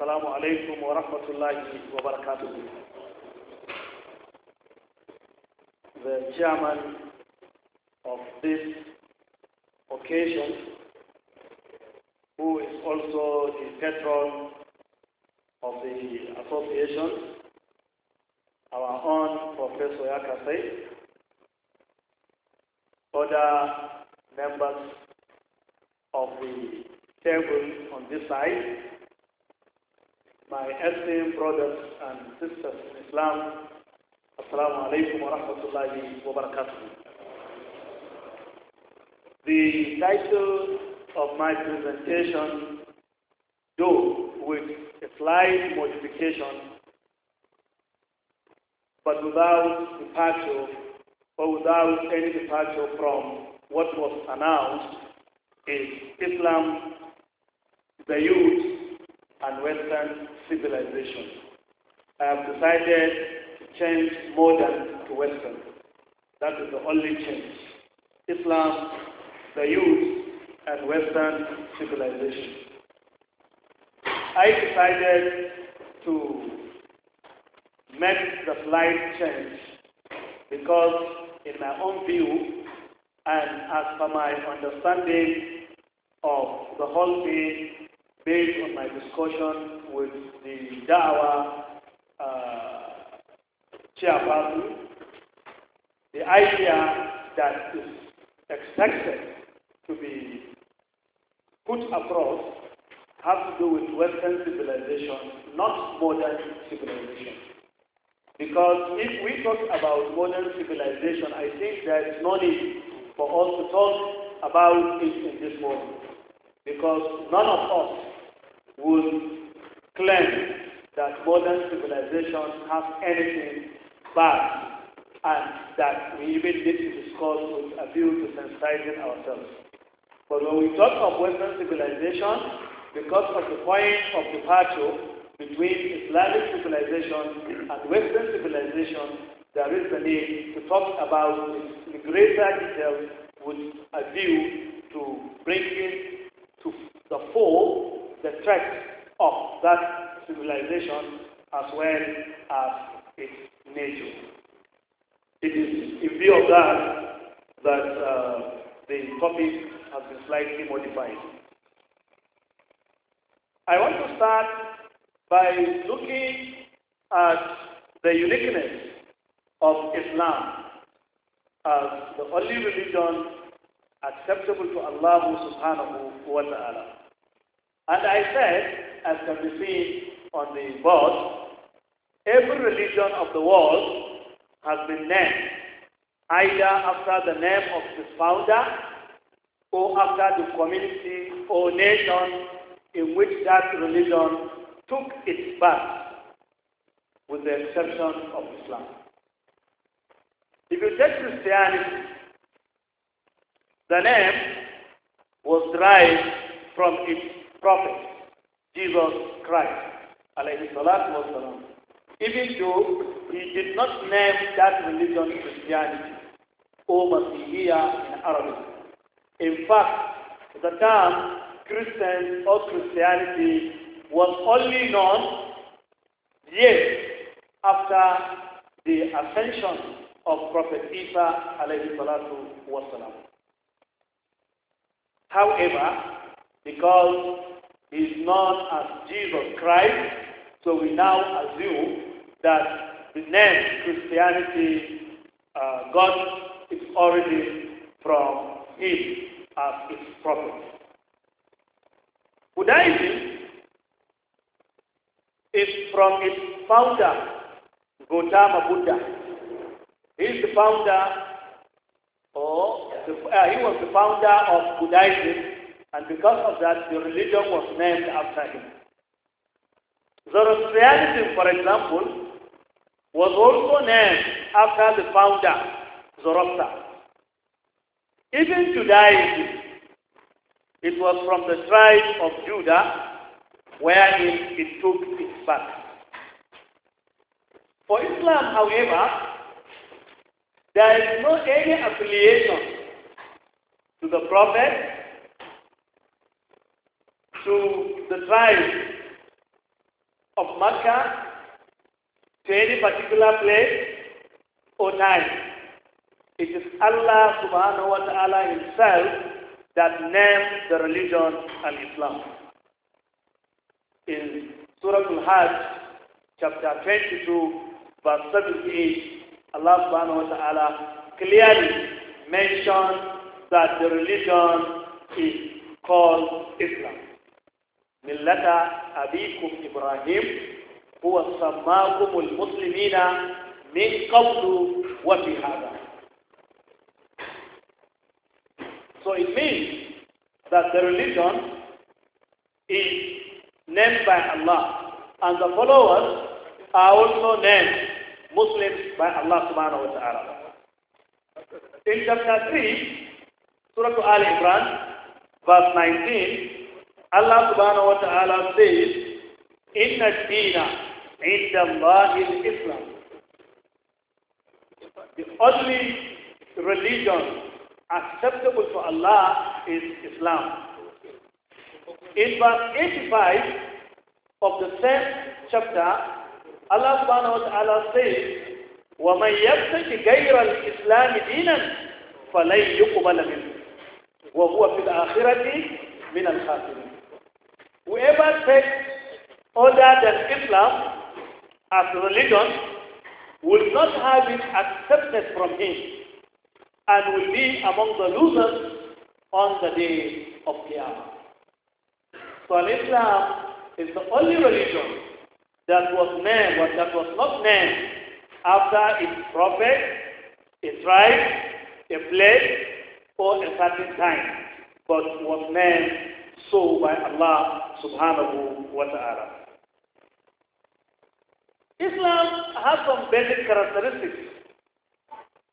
السلام عليكم ورحمة الله وبركاته The chairman of this occasion who is also the patron of the association our own Professor Yakasei other members of the table on this side my esteemed brothers and sisters in Islam. Assalamu alaikum wa rahmatullahi wa barakatuh. The title of my presentation, though with a slight modification, but without departure or without any departure from what was announced, is Islam, the youth, and Western civilization. I have decided to change modern to Western. That is the only change. Islam, the youth, and Western civilization. I decided to make the slight change because in my own view and as per my understanding of the whole thing based on my discussion with the Dawa uh, chairperson, the idea that is expected to be put across has to do with Western civilization, not modern civilization. Because if we talk about modern civilization, I think there is no need for us to talk about it in this moment. Because none of us would claim that modern civilization has anything bad and that we even need to discuss with a view to sensitizing ourselves. But when we talk of Western civilization, because of the point of departure between Islamic civilization and Western civilization, there is the need to talk about in greater detail with a view to bringing the fall, the threat of that civilization as well as its nature. It is in view of that that uh, the topic has been slightly modified. I want to start by looking at the uniqueness of Islam as the only religion acceptable to Allah subhanahu wa ta'ala. And I said, as can be seen on the board, every religion of the world has been named either after the name of its founder or after the community or nation in which that religion took its birth, with the exception of Islam. If you take Christianity, the name was derived from its prophet, Jesus Christ, alayhi salatu wasalam. Even though he did not name that religion Christianity or Masihiyya in Arabic. In fact, the term Christian or Christianity was only known years after the ascension of Prophet Isa alayhi salatu wasalam. However, because he's known as Jesus Christ, so we now assume that the name Christianity uh, got its origin from him as its prophet. Buddhism is from its founder, Gautama Buddha. He's the founder, or the, uh, he was the founder of Buddhism and because of that, the religion was named after him. Zoroastrianism, for example, was also named after the founder, Zoroaster. Even Judaism, it was from the tribe of Judah where it took its birth. For Islam, however, there is no any affiliation to the Prophet to the tribe of Makkah to any particular place or time. It is Allah subhanahu wa ta'ala himself that named the religion and islam In Surah Al-Hajj, chapter 22, verse 78, Allah subhanahu wa ta'ala clearly mentions that the religion is called Islam millata abikum ibrahim huwa sammakumul muslimina min qablu wa fi hada so it means that the religion is named by Allah and the followers are also named Muslims by Allah subhanahu wa ta'ala. In chapter 3, Surah Al Imran, verse 19, Allah subhanahu wa ta'ala says, Inna dina inda Allah is Islam. The only religion acceptable to Allah is Islam. In verse 85 of the same chapter, Allah subhanahu wa ta'ala says, ومن يبتغي غير الإسلام دينا فلن يقبل منه وهو في الآخرة من الخاسرين Whoever takes other than Islam as religion will not have it accepted from him and will be among the losers on the day of Qiyamah. So Islam is the only religion that was named or that was not named after its prophet, its right, a place, or a certain time, but was named so by Allah subhanahu wa ta'ala. Islam has some basic characteristics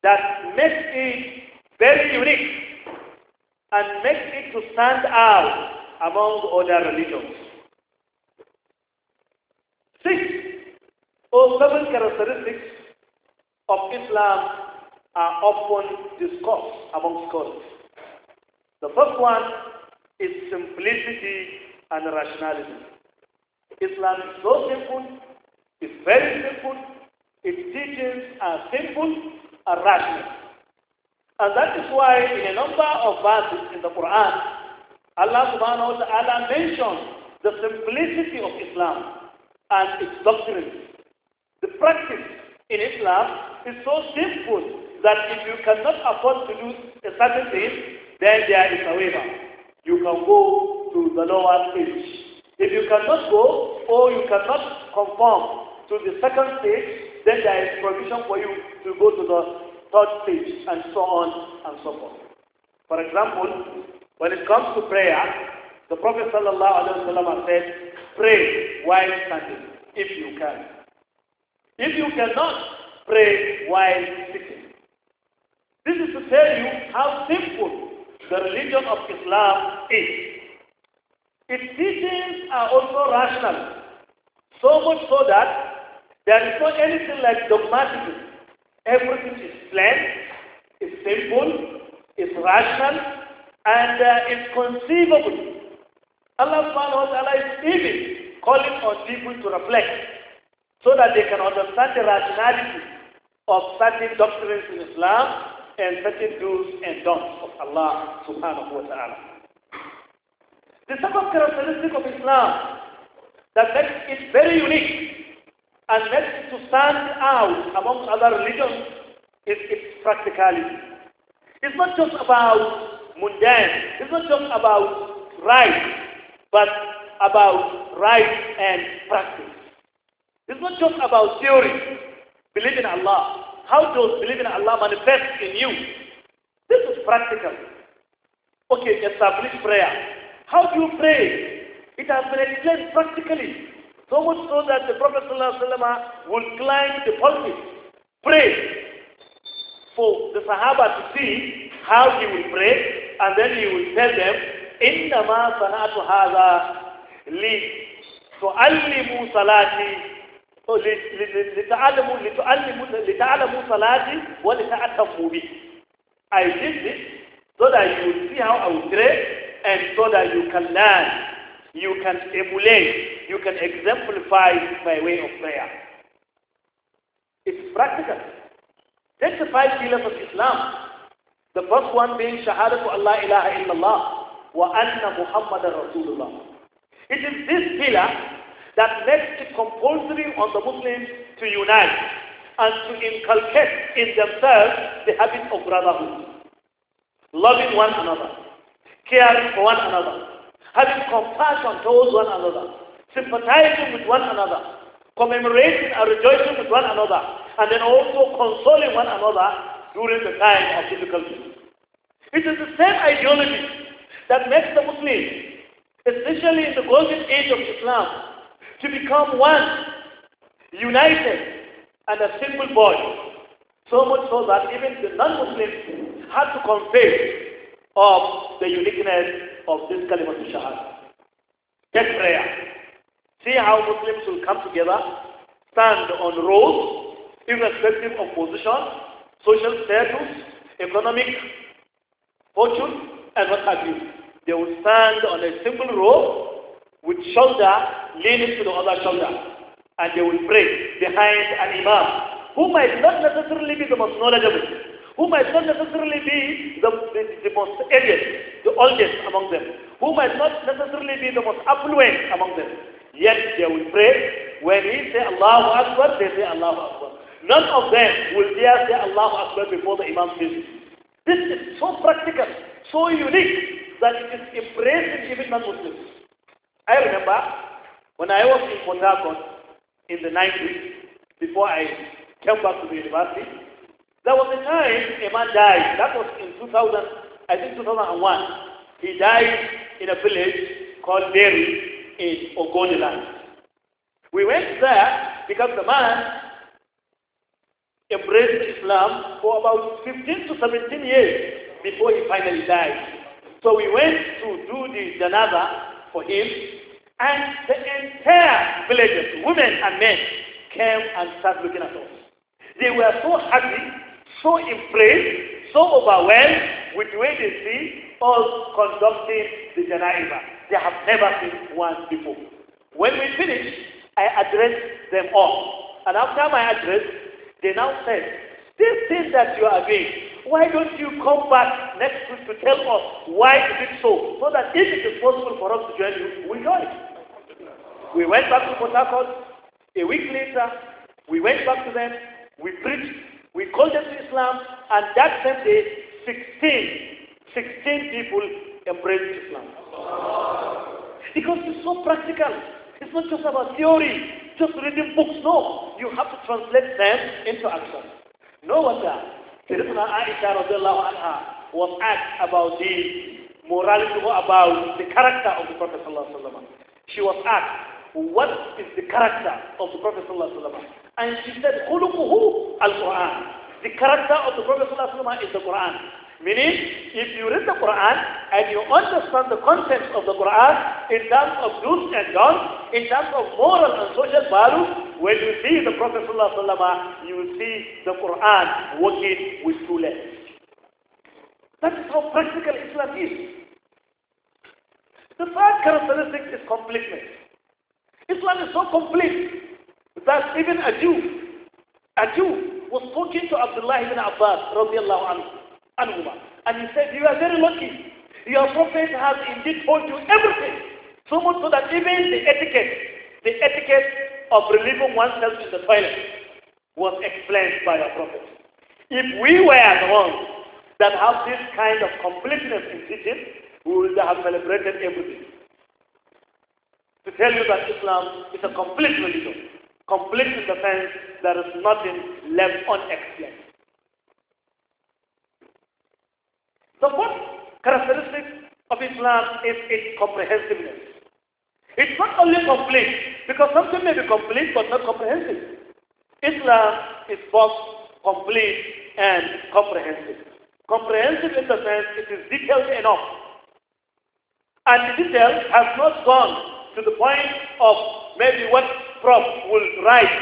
that makes it very unique and makes it to stand out among other religions. Six or seven characteristics of Islam are often discussed among scholars. The first one its simplicity and rationality. Islam is so simple, it's very simple, its teachings are simple and rational. And that is why in a number of verses in the Quran, Allah subhanahu wa ta'ala mentions the simplicity of Islam and its doctrines. The practice in Islam is so simple that if you cannot afford to do a certain thing, then there is a waiver you can go to the lower stage. If you cannot go or you cannot conform to the second stage, then there is provision for you to go to the third stage and so on and so forth. For example, when it comes to prayer, the Prophet wasallam said, pray while standing, if you can. If you cannot, pray while sitting. This is to tell you how simple the religion of Islam is. Its teachings are also rational, so much so that there is not anything like dogmatism. Everything is plain, is simple, is rational, and uh, is conceivable. Allah subhanahu wa ta'ala is even calling on people to reflect so that they can understand the rationality of certain doctrines in Islam and certain do's and don'ts of Allah subhanahu wa ta'ala. The second characteristic of Islam that makes it very unique and makes it to stand out among other religions is its practicality. It's not just about mundane, it's not just about right, but about right and practice. It's not just about theory, believe in Allah, how does believing in Allah manifest in you? This is practical. Okay, establish prayer. How do you pray? It has been explained practically. So much so that the Prophet ﷺ would climb the pulpit, pray for the Sahaba to see how he will pray, and then he will tell them, إِنَّمَا صَنَعْتُ هَذَا لِي تُعَلِّمُ صَلَاتِي لتعلموا لتعلموا لتعلموا صلاتي ولتعتموا بي I did this so that you will see how I will pray and so that you can learn you can emulate you can exemplify my way of prayer it's practical that's the five pillars of Islam the first one being shahadatu Allah ilaha illallah wa anna muhammadan rasulullah it is this pillar that makes it compulsory on the Muslims to unite and to inculcate in themselves the habit of brotherhood, loving one another, caring for one another, having compassion towards one another, sympathizing with one another, commemorating and rejoicing with one another, and then also consoling one another during the time of difficulty. It is the same ideology that makes the Muslims, especially in the golden age of Islam, to become one, united, and a simple body. So much so that even the non-Muslims had to confess of the uniqueness of this Kalimat Shahada. Take prayer. See how Muslims will come together, stand on rows, irrespective of position, social status, economic fortune, and what have you. They will stand on a simple row with shoulder leaning to the other shoulder. And they will pray behind an imam who might not necessarily be the most knowledgeable, who might not necessarily be the, the, the most aged, the oldest among them, who might not necessarily be the most affluent among them. Yet they will pray. When he say Allahu Akbar, they say Allahu Akbar. None of them will dare say Allahu Akbar before the Imam says This is so practical, so unique, that it is impressive even non-Muslims. I remember when I was in Port Harcourt in the 90s, before I came back to the university, there was a time a man died. That was in 2000, I think 2001. He died in a village called Derry in Ogoniland. We went there because the man embraced Islam for about 15 to 17 years before he finally died. So we went to do the janaza for him and the entire villagers, women and men, came and started looking at us. They were so happy, so impressed, so overwhelmed with the way they see us conducting the Janaiva. They have never seen one before. When we finished, I addressed them all. And after my address, they now said, this thing that you are doing, why don't you come back next week to tell us why is it so? So that if it is possible for us to join you, we join. We went back to Port A week later, we went back to them. We preached. We called them to Islam. And that same day, 16, 16 people embraced Islam. Because it's so practical. It's not just about theory, just reading books. No, you have to translate them into action. No wonder Sayyidina Aisha anha was asked about the morality, about the character of the Prophet She was asked, what is the character of the Prophet ﷺ? And she said, خُلُقُهُ Al-Quran. The character of the Prophet ﷺ is the Quran. Meaning, if you read the Quran and you understand the concepts of the Quran in terms of do's and don'ts, in terms of moral and social values, when you see the Prophet ﷺ, you see the Quran working with two legs. That is how practical Islam is. The third characteristic is completeness. Islam is so complete that even a Jew, a Jew was talking to Abdullah ibn Abbas radiallahu anhu, and he said, you are very lucky. Your prophet has indeed told you everything. So much so that even the etiquette, the etiquette of relieving oneself in the toilet was explained by your prophet. If we were the ones that have this kind of completeness in teaching, we would have celebrated everything to tell you that Islam is a complete religion. Complete in the sense there is nothing left unexplained. The fourth characteristic of Islam is its comprehensiveness. It's not only complete, because something may be complete but not comprehensive. Islam is both complete and comprehensive. Comprehensive in the sense it is detailed enough. And the detail has not gone to the point of maybe what prof will write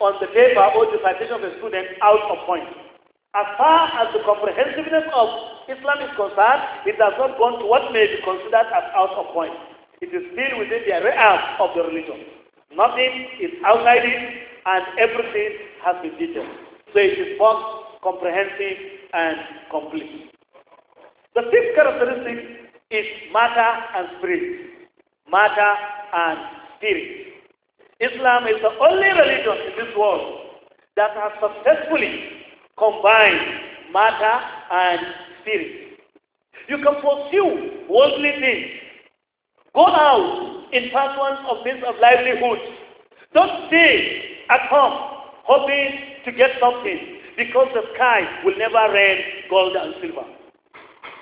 on the paper or the citation of a student out of point. As far as the comprehensiveness of Islam is concerned, it does not go to what may be considered as out of point. It is still within the realm of the religion. Nothing is outside it, and everything has been detailed. So it is both comprehensive and complete. The fifth characteristic is matter and spirit. Matter and spirit. Islam is the only religion in this world that has successfully combined matter and spirit. You can pursue worldly things. Go out in pursuit of means of livelihood. Don't stay at home hoping to get something because the sky will never rain gold and silver.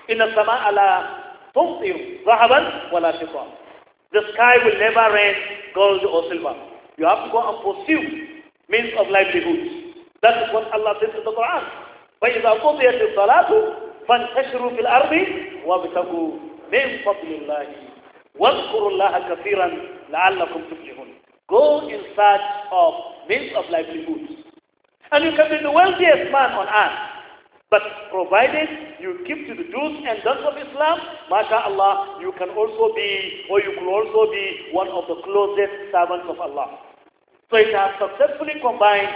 In the sama ala tumtiru rahaban wala the sky will never rain gold or silver. You have to go and pursue means of livelihood. That is what Allah says in the Quran. فَإِذَا قُضِيَتِ الصَّلَاةُ فَانْتَشِرُوا فِي الْأَرْضِ وَابْتَغُوا مِنْ فَضْلِ اللَّهِ واذكروا الله كثيرا لعلكم تفلحون go in search of means of livelihood and you can be the wealthiest man on earth but provided you keep to the do's and don'ts of Islam, mashallah, you can also be, or you could also be one of the closest servants of Allah. So it has successfully combined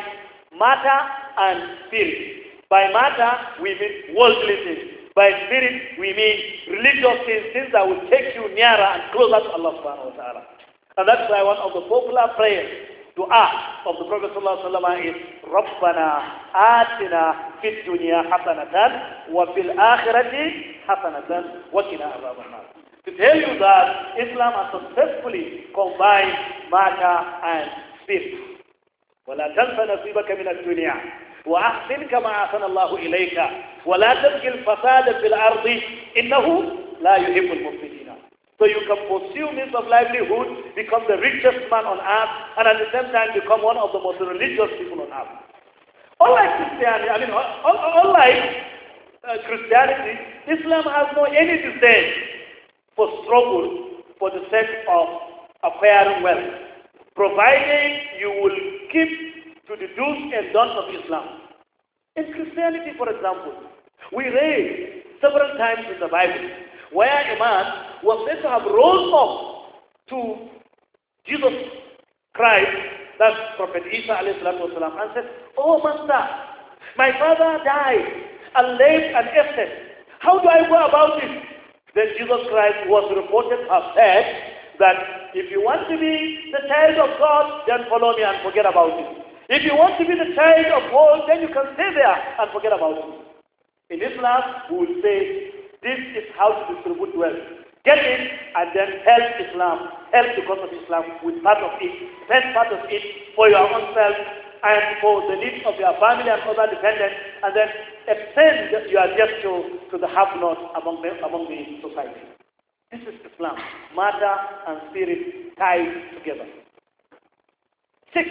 matter and spirit. By matter, we mean worldly things. By spirit, we mean religious things, things that will take you nearer and closer to Allah subhanahu wa ta'ala. And that's why one of the popular prayers dua of the Prophet sallallahu alaihi wasallam is Rabbana atina fid dunya hasanatan wa fil akhirati hasanatan wa qina adhaban To tell you that Islam has successfully combined matter and spirit. ولا تنس نصيبك من الدنيا وأحسن كما أحسن الله إليك ولا تبقي الفساد في الأرض إنه لا يحب المفسدين So you can pursue means of livelihood, become the richest man on earth, and at the same time become one of the most religious people on earth. Unlike Christianity, I mean, unlike uh, Christianity, Islam has no any disdain for struggle for the sake of acquiring wealth, provided you will keep to the do's and don'ts of Islam. In Christianity, for example, we read several times in the Bible where a man was said to have rose up to Jesus Christ, that Prophet Isa والسلام, and said, Oh Master, my father died and left an estate. How do I go about it? Then Jesus Christ was reported to have said that if you want to be the child of God, then follow me and forget about it. If you want to be the child of God, then you can stay there and forget about it. In Islam, we will say this is how to distribute wealth. Get it and then help Islam, help the cause of Islam with part of it, spend part of it for your own self and for the needs of your family and other dependents, and then extend your gesture to the have not among the, among the society. This is Islam. Matter and spirit tied together. Six,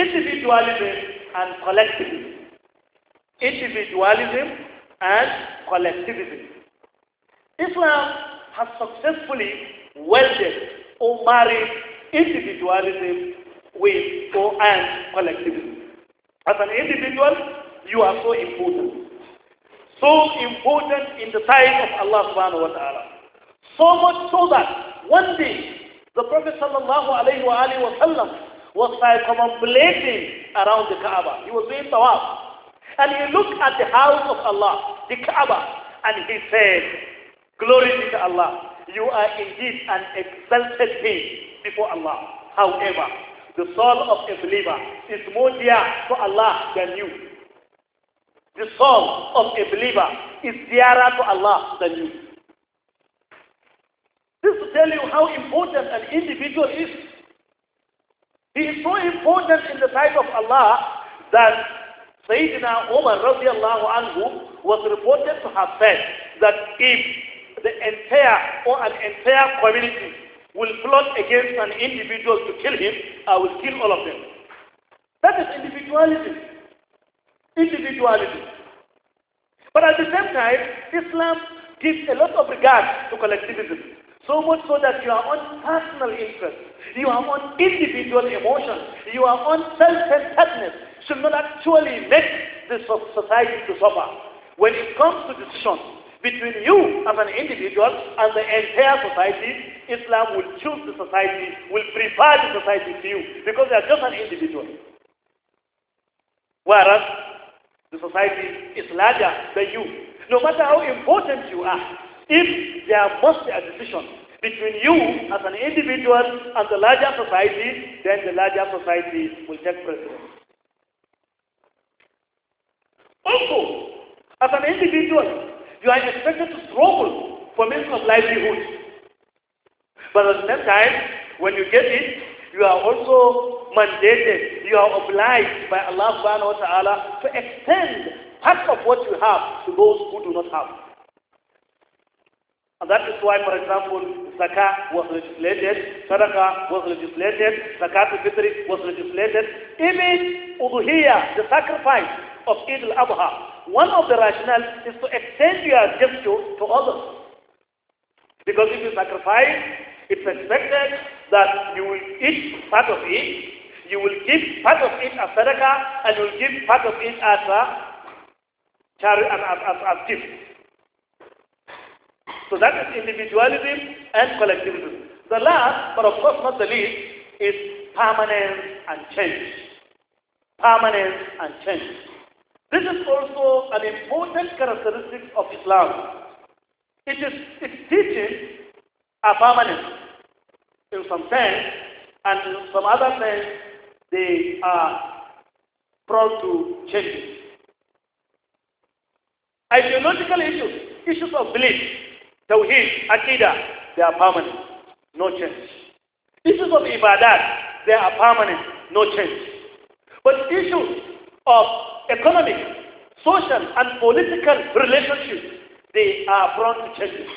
individualism and collectivism. Individualism and collectivism. Islam has successfully welded or married individualism with or and collectivism. As an individual, you are so important. So important in the sight of Allah subhanahu wa ta'ala. So much so that one day the Prophet sallallahu alayhi wa alayhi wa sallam was circumambulating around the Kaaba. He was doing tawaf. And he looked at the house of Allah, the Kaaba, and he said, Glory be to Allah. You are indeed an exalted being before Allah. However, the soul of a believer is more dear to Allah than you. The soul of a believer is dearer to Allah than you. This to tell you how important an individual is. He is so important in the sight of Allah that Sayyidina Umar radiallahu anhu was reported to have said that if the entire or an entire community will plot against an individual to kill him, I will kill all of them. That is individuality. Individuality. But at the same time, Islam gives a lot of regard to collectivism. So much so that you are on personal interest, you are on individual emotion, you are on self-centeredness, should not actually make the society to suffer. When it comes to decisions, between you as an individual and the entire society, Islam will choose the society, will prefer the society to you because you are just an individual. Whereas the society is larger than you. No matter how important you are, if there must be a decision between you as an individual and the larger society, then the larger society will take precedence. Also, as an individual, you are expected to struggle for means of livelihood. But at the same time, when you get it, you are also mandated, you are obliged by Allah subhanahu wa ta'ala to extend part of what you have to those who do not have. And that is why, for example, Zakah was legislated, Sadaqah was legislated, Zakat al-Fitr was legislated, even Uduhiyah, the sacrifice of Eid al-Adha, one of the rationales is to extend your gesture to others. Because if you sacrifice, it's expected that you will eat part of it, you will give part of it as sadaqah, and you will give part of it as a charity and as, as, as gift. So that is individualism and collectivism. The last, but of course not the least, is permanence and change. Permanence and change. This is also an important characteristic of Islam. It is its teachings are permanent in some sense, and in some other sense, they are prone to change. Ideological issues, issues of belief, tawheed, akida, they are permanent, no change. Issues of ibadat, they are permanent, no change. But issues of economic, social, and political relationships, they are prone to changes,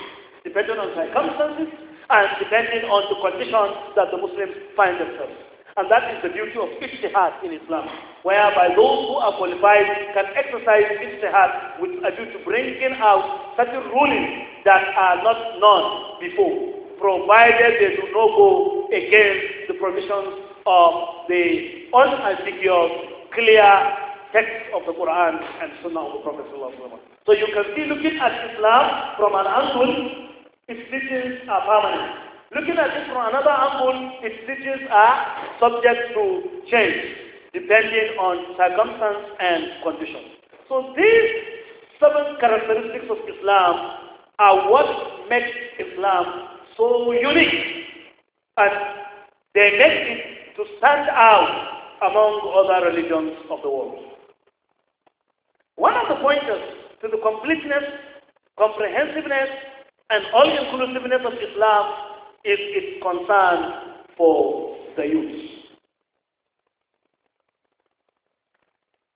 depending on circumstances and depending on the conditions that the Muslims find themselves. And that is the beauty of ijtihad in Islam, whereby those who are qualified can exercise ijtihad with a view to bringing out certain rulings that are not known before, provided they do not go against the provisions of the unambiguous clear text of the Quran and Sunnah of the Prophet So you can see looking at Islam from an angle, its teachings are permanent. Looking at it from another angle, its teachings are subject to change depending on circumstance and conditions. So these seven characteristics of Islam are what makes Islam so unique and they make it to stand out among other religions of the world. One of the pointers to the completeness, comprehensiveness, and all-inclusiveness of Islam is its concern for the youth.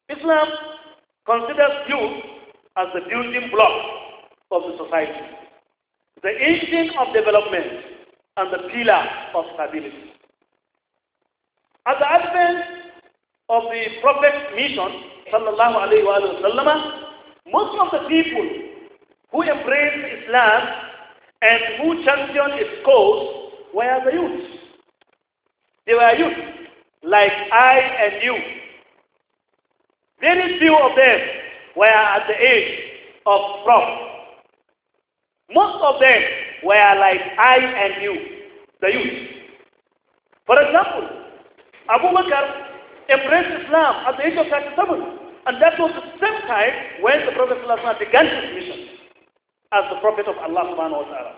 Islam considers youth as the building block of the society, the engine of development, and the pillar of stability. At the advent of the Prophet's mission, sallallahu alayhi wa most of the people who embraced Islam and who championed its cause were the youth. They were youth, like I and you. Very few of them were at the age of Prophet. Most of them were like I and you, the youth. For example, Abu Bakr embraced Islam at the age of 37. And that was the same time when the Prophet ﷺ began his mission as the Prophet of Allah subhanahu wa ta'ala.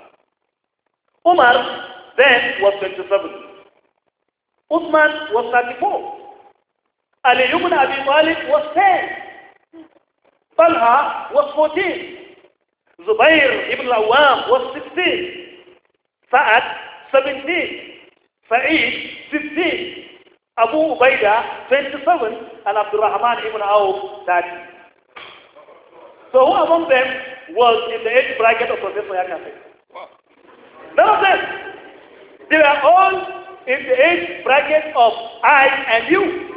Umar then was 27. Uthman was 34. Ali ibn Abi Talib was 10. Talha was 14. Zubair ibn Awam was 16. Sa'ad 17. Sa'id 15. Abu Ubaidah, 27, and Abdurrahman ibn Auf, 30. So who among them was in the age bracket of Prophet Muhammad? None of them. They were all in the age bracket of I and you.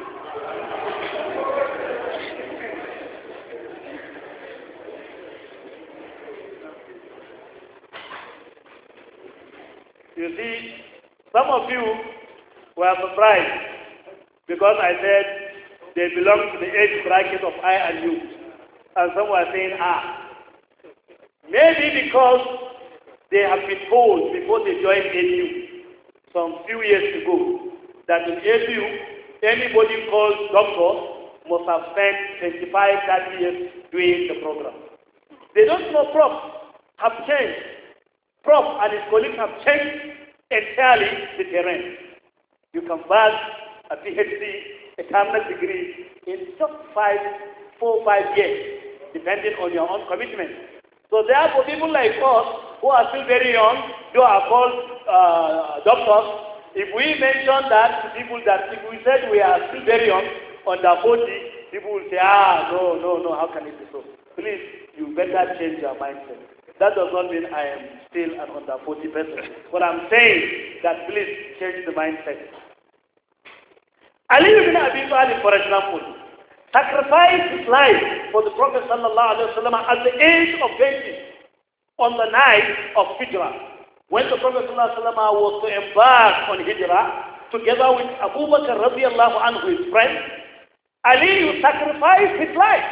You see, some of you were surprised because I said they belong to the age bracket of I and you. And some were saying, ah. Maybe because they have been told before they joined AU some few years ago that in AU, anybody called doctor must have spent 25, 30 years doing the program. They don't know Prof have changed. Prof and his colleagues have changed entirely the terrain. You can back a PhD, a terminal degree in just five, four, five years, depending on your own commitment. So therefore, people like us who are still very young, who are called uh, doctors, if we mention that to people that if we said we are still very young, under 40, people will say, ah, no, no, no, how can it be so? Please, you better change your mindset. That does not mean I am still an under 40 person. What I'm saying that please change the mindset. Ali ibn Abi Talib, for example, sacrificed his life for the Prophet sallallahu wasallam at the age of 20 on the night of Hijrah. When the Prophet sallallahu wasallam was to embark on Hijrah, together with Abu Bakr radiallahu anhu, his friend, Ali sacrificed his life.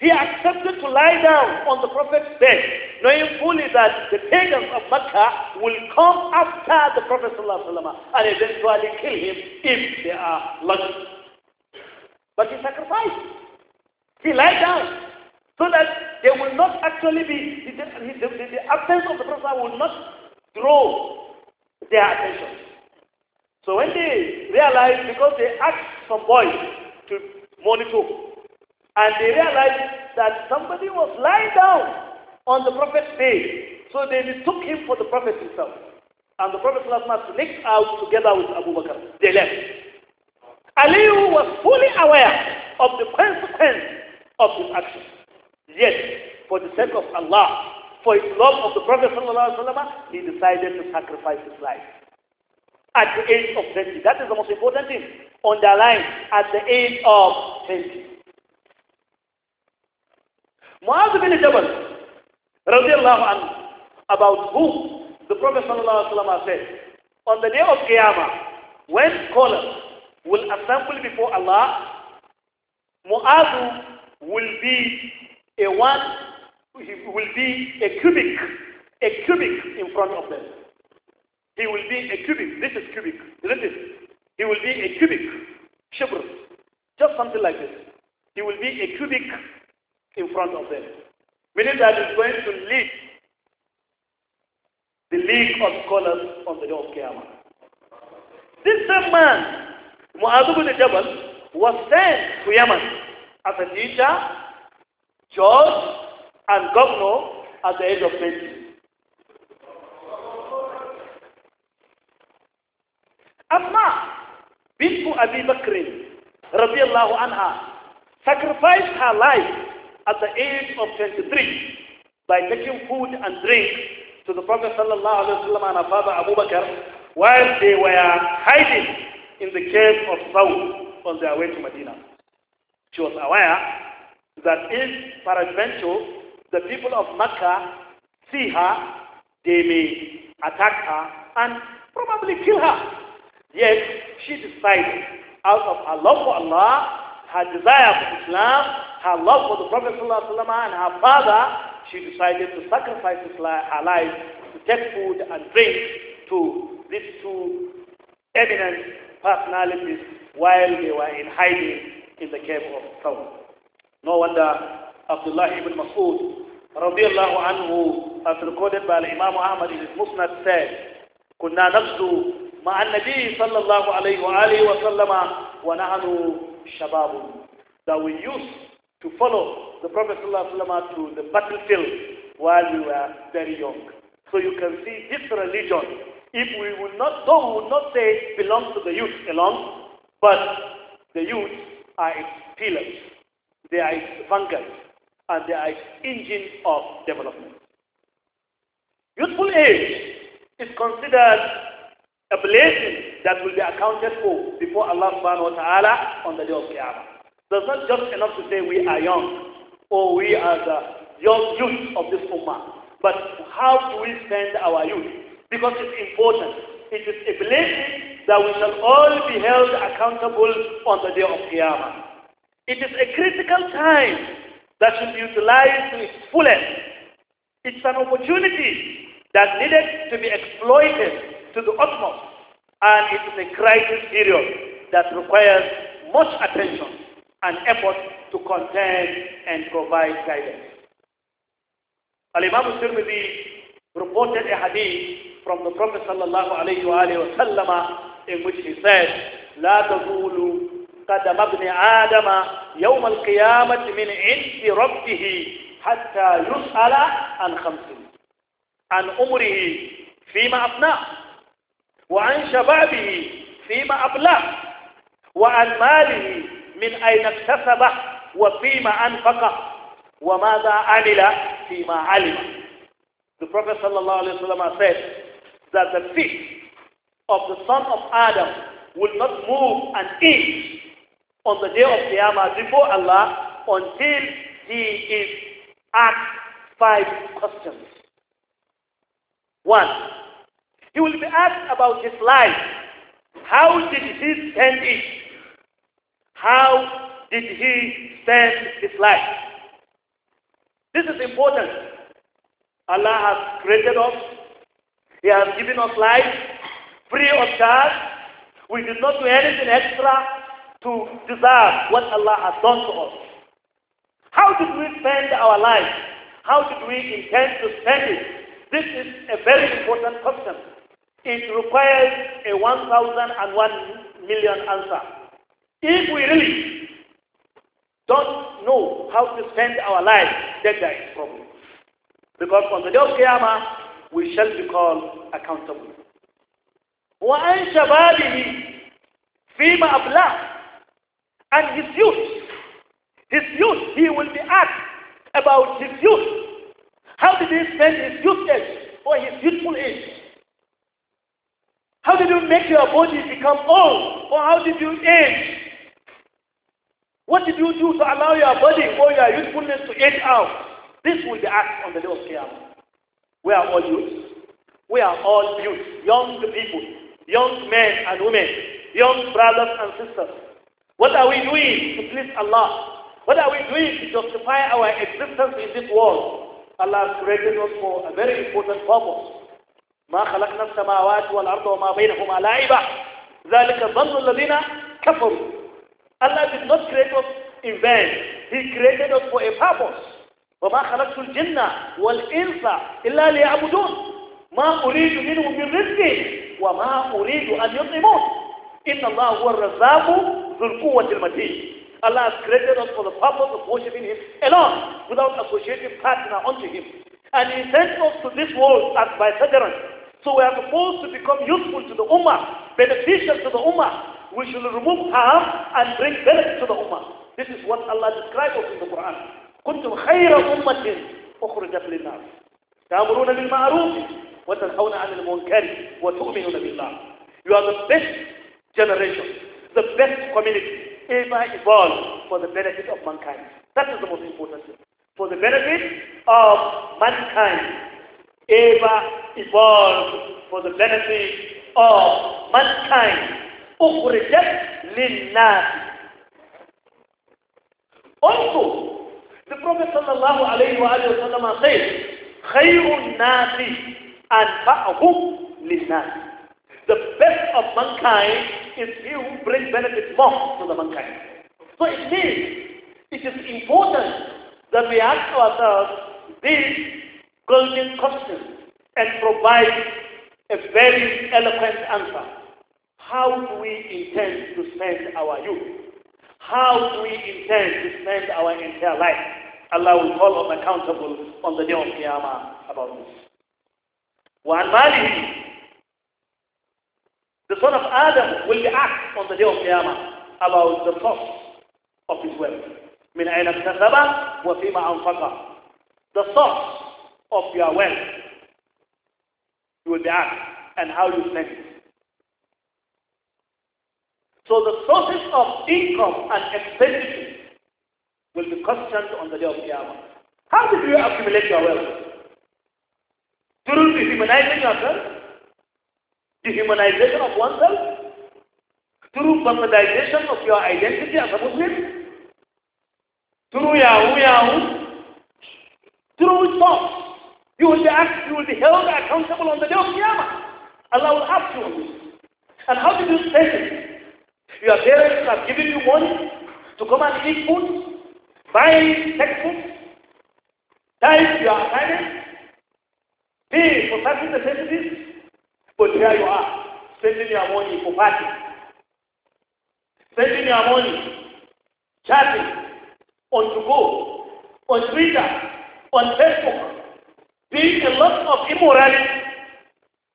He accepted to lie down on the Prophet's bed knowing fully that the pagans of Mecca will come after the Prophet ﷺ and eventually kill him if they are lucky. But he sacrificed. He lied down so that they will not actually be, the, the, the, the absence of the Prophet will not draw their attention. So when they realized, because they asked some boys to monitor, and they realized that somebody was lying down on the Prophet's day. So they mistook him for the Prophet himself. And the Prophet left out together with Abu Bakr. They left. Ali was fully aware of the consequence of his action. Yet, for the sake of Allah, for his love of the Prophet he decided to sacrifice his life. At the age of 20. That is the most important thing. Underline, at the age of 20. Muaz bin Jabal radiallahu anhu, about whom the Prophet sallallahu said, on the day of Qiyamah, when scholars will assemble before Allah, Mu'adh will be a one, will be a cubic, a cubic in front of them. He will be a cubic. This is cubic. Isn't it? He will be a cubic. Shibr. Just something like this. He will be a cubic in front of them meaning that it's going to lead the league of scholars on the day of Qiyamah. This same man, Mu'adh ibn Jabal, was sent to Yemen as a teacher, judge, and governor at the age of 20. Amma Bintu Abi Bakr, radiallahu anha, sacrificed her life at the age of 23 by taking food and drink to the Prophet sallallahu and his father Abu Bakr while they were hiding in the cave of Saud on their way to Medina. She was aware that if peradventure the people of Mecca see her, they may attack her and probably kill her. Yet she decided out of her love for Allah, her desire for Islam, her love for the Prophet ﷺ and her father, she decided to sacrifice her life to take food and drink to these two eminent personalities while they were in hiding in the cave of Saul. No wonder Abdullah ibn Mas'ud radiallahu anhu as recorded by Imam Ahmad in his Musnad said, كنا نغزو مع النبي صلى الله عليه وآله وسلم ونحن شباب. That we used to follow the Prophet ﷺ to the battlefield while we were very young. So you can see this religion, if we would not, though we would not say it belongs to the youth alone, but the youth are its pillars, they are its vanguard, and they are its engine of development. Youthful age is considered a blessing that will be accounted for before Allah subhanahu wa ta'ala on the day of Qiyamah. That's not just enough to say we are young or we are the young youth of this Ummah. But how do we spend our youth? Because it's important. It is a blessing that we shall all be held accountable on the day of Qiyamah. It is a critical time that should be utilized to its fullest. It's an opportunity that needed to be exploited to the utmost. And it is a crisis period that requires much attention an effort to contend and provide guidance. Al-Imam al reported a hadith from the Prophet sallallahu alayhi wa in which he said, لا تزول قدم ابن آدم يوم القيامة من عند ربه حتى يسأل عن خمس عن عمره فيما أفناه وعن شبابه فيما أبلاه وعن ماله من أين اكتسبه وفيما أنفقه The Prophet ﷺ said that the feet of the son of Adam will not move an inch on the day of Qiyamah before Allah until he is asked five questions. One, he will be asked about his life. How did he spend it? How did he spend his life? This is important. Allah has created us. He has given us life free of charge. We did not do anything extra to deserve what Allah has done to us. How did we spend our life? How did we intend to spend it? This is a very important question. It requires a 1,001 million million answer. If we really don't know how to spend our life, then there is problem. Because on the day of Qiyamah, we shall be called accountable. وعن شبابه فيما أبلاه and his youth his youth he will be asked about his youth how did he spend his youth age or his youthful age how did you make your body become old or how did you age what did you do to allow your body or your youthfulness to age out? This will be asked on the day of Qiyamah. We are all youth. We are all youth, young people, young men and women, young brothers and sisters. What are we doing to please Allah? What are we doing to justify our existence in this world? Allah has created us for a very important purpose. ما خلقنا السماوات والأرض وما بينهما لعبا ذلك ظن الذين كفروا Allah did not create us in vain. He created us for a purpose. وما خلقت الجنّة والإنس إلا ليعبدون ما أريد منهم من رزق وما أريد أن يطعمون إن الله هو الرزاق ذو القوة المتين Allah has created us for the purpose of worshipping Him alone, without associating partner unto Him. And He sent us to this world as by bystanders. So we are supposed to become useful to the Ummah, beneficial to the Ummah, we should remove harm and bring benefit to the Ummah. This is what Allah describes us in the Quran. كنتم خير أمة أخرجت للناس تأمرون بالمعروف وتنهون عن المنكر وتؤمنون بالله. You are the best generation, the best community ever evolved for the benefit of mankind. That is the most important thing. For the benefit of mankind, ever evolved for the benefit of mankind. أخرجت للناس انظر The Prophet الله عليه وآله وسلم خير خير الناس أنفعهم للناس The best of mankind is he who brings benefit more to the mankind. So it means it is important that we ask ourselves this golden question and provide a very eloquent answer. How do we intend to spend our youth? How do we intend to spend our entire life? Allah will call us accountable on the day of Qiyamah about this. وعن ماله The son of Adam will be asked on the day of Qiyamah about the source of his wealth. من أين اكتسب وفيما أنفقه The source of your wealth you will be asked and how you spend it. So the sources of income and expenditure will be questioned on the day of Qiyamah. How did you accumulate your wealth? Through dehumanizing yourself? Dehumanization of oneself? Through bastardization of your identity as a Muslim? Through Yahoo Yahoo? Through which form? You will be asked, you will be held accountable on the day of Qiyamah. Allah will ask you on this. And how did you face it? Your parents have given you money to come and eat food, buy textbooks, buy your assignment, pay for certain necessities, but here you are, spending your money for party, spending your money chatting on to go, on Twitter, on Facebook, being a lot of immorality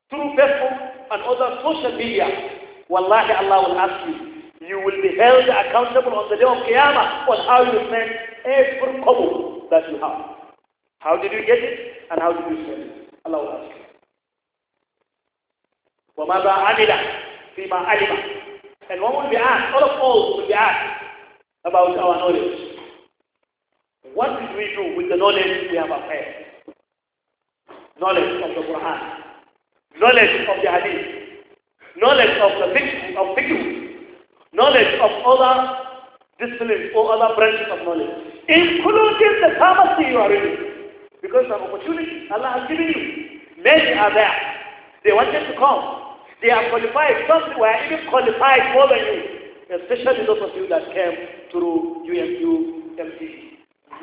through Facebook and other social media Wallahi Allah will ask you. You will be held accountable on the day of Qiyamah for how you spent every kobo that you have. How did you get it and how did you spend it? Allah will ask you. وَمَاذَا عَمِلَ فِيمَا عَلِمَ And one will be asked, all of all will be asked about our knowledge. What did we do with the knowledge we have acquired? Knowledge of the Quran. Knowledge of the Hadith knowledge of the fiqh, of fiqh, knowledge of other disciplines or other branches of knowledge, including the pharmacy you are in. Because the opportunity Allah has given you. Many are there. They wanted to come. They are qualified. Some were even qualified more than you, especially those of you that came through UMU, MCC.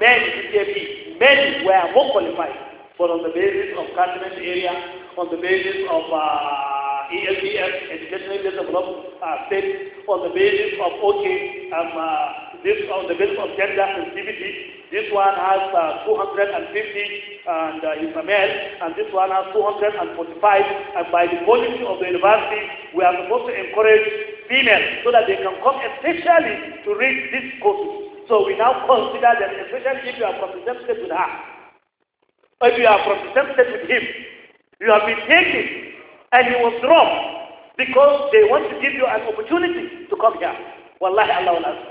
Many, CCAP, many were more qualified, but on the basis of continent area, on the basis of uh, ELDF, Educational Development uh, State, on the basis of, okay, um, uh, this on the basis of gender sensitivity, this one has uh, 250 and uh, is a male, and this one has 245. And by the policy of the university, we are supposed to encourage females so that they can come especially to read this course. So we now consider that especially if you are from the same state with her, if you are from the same state with him, you have been taken and he was wrong because they want to give you an opportunity to come here. Wallahi Allah will ask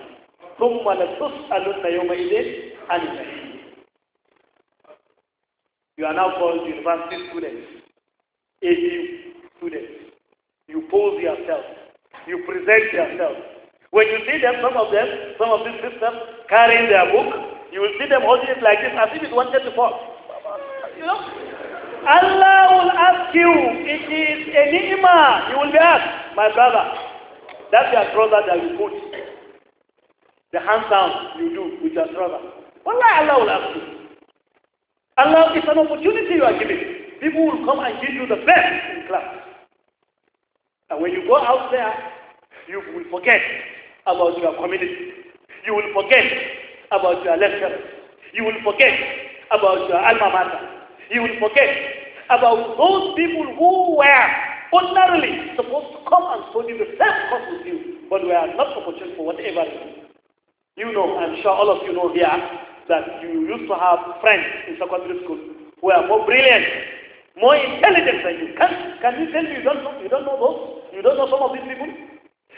ثم لتسألن يومئذ عن You are now called university students, ABU students. You pose yourself. You present yourself. When you see them, some of them, some of these sisters carrying their book, you will see them holding it like this as if it wanted to fall. You know? Allah will ask you, it is a ni'mah. You will be asked, my brother, that's your brother that you put. The hands down you do with your brother. Allah, Allah will ask you. Allah is an opportunity you are giving. People will come and give you the best in class. And when you go out there, you will forget about your community. You will forget about your lecturers. You will forget about your alma mater you will forget about those people who were ordinarily supposed to come and study the same course with you, but were not opportune for whatever reason. You know, I'm sure all of you know here that you used to have friends in secondary school who are more brilliant, more intelligent than you. Can, can you tell me you don't, know, you don't know those? You don't know some of these people?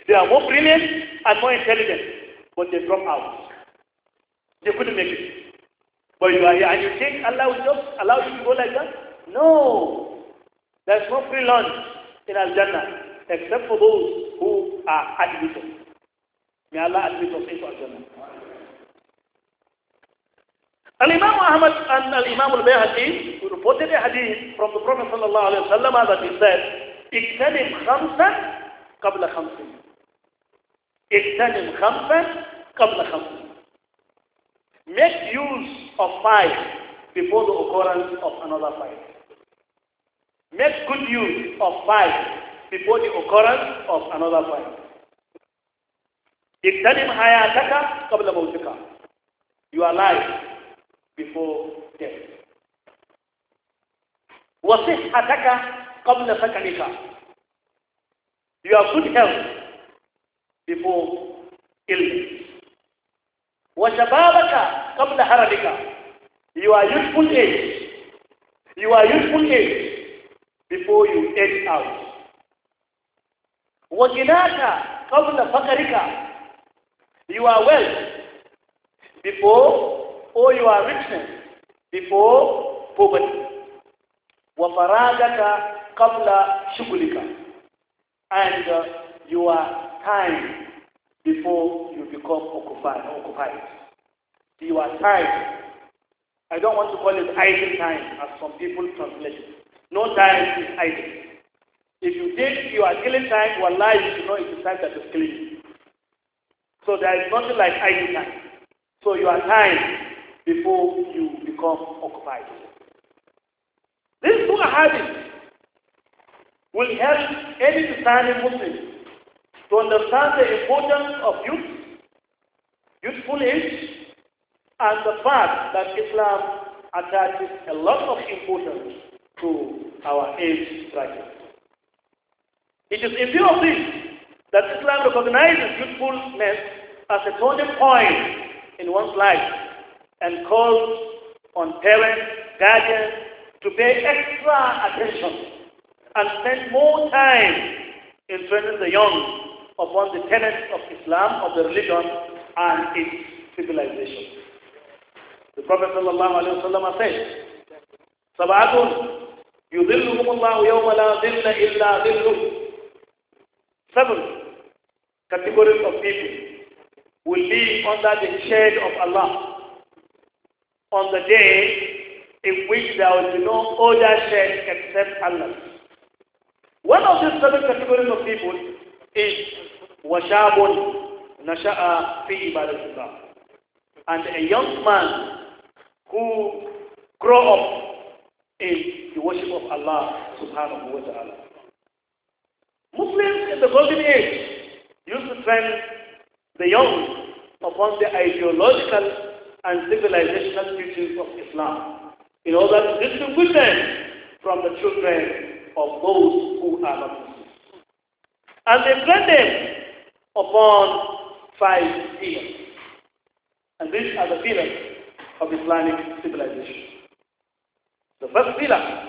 They are more brilliant and more intelligent, but they drop out. They couldn't make it. But you are here and you think Allah will just allow you to go like that? No. There's no free lunch in Al-Jannah except for those who are admitted. May Allah admit us into Al-Jannah. Al-Imam Ahmad and Al-Imam Al-Bayhaqi reported a hadith from the Prophet sallallahu alayhi wa sallam that he said, اِكْتَنِمْ خَمْسًا قَبْلَ خَمْسٍ اِكْتَنِمْ خَمْسًا قَبْلَ خَمْسٍ Make use of five before the occurrence of another five. Make good use of five before the occurrence of another five. اغتنم حياتك قبل you are alive before death. وصحتك قبل you are good health before illness. وشبابك haradika, you are youthful age You are youthful age before you age out waginaka kabla fakarika are wealth before or are richness before poverty wa faragaka shugulika and uh, are time before you become occupied occupied you are time. I don't want to call it idle time, as some people translate it. No time is idle. If you think you are killing time, wallahi, you should know it is time that is killing So there is nothing like idle time. So you are time before you become occupied. These two habits will help any discerning Muslim to understand the importance of youth, youthful age, and the fact that Islam attaches a lot of importance to our age bracket. It is in view of this that Islam recognizes youthfulness as a turning point in one's life and calls on parents, guardians to pay extra attention and spend more time in training the young upon the tenets of Islam, of the religion, and its civilization. The Prophet ﷺ said, Sabatun, يُذِلُّهُمُ اللَّهُ يَوْمَ لَا ذِلَّ إِلَّا ذِلُّهُ Seven categories of people will be under the shade of Allah on the day in which there will be no other shade except Allah. One of these seven categories of people is washabun نَشَأَ fi إِبَادَةِ اللَّهِ And a young man who grow up in the worship of Allah subhanahu wa ta'ala. Muslims in the golden age used to train the young upon the ideological and civilizational teachings of Islam in order to distinguish them from the children of those who are not Muslims. And they trained them upon five pillars. And these are the pillars of Islamic civilization. The first pillar,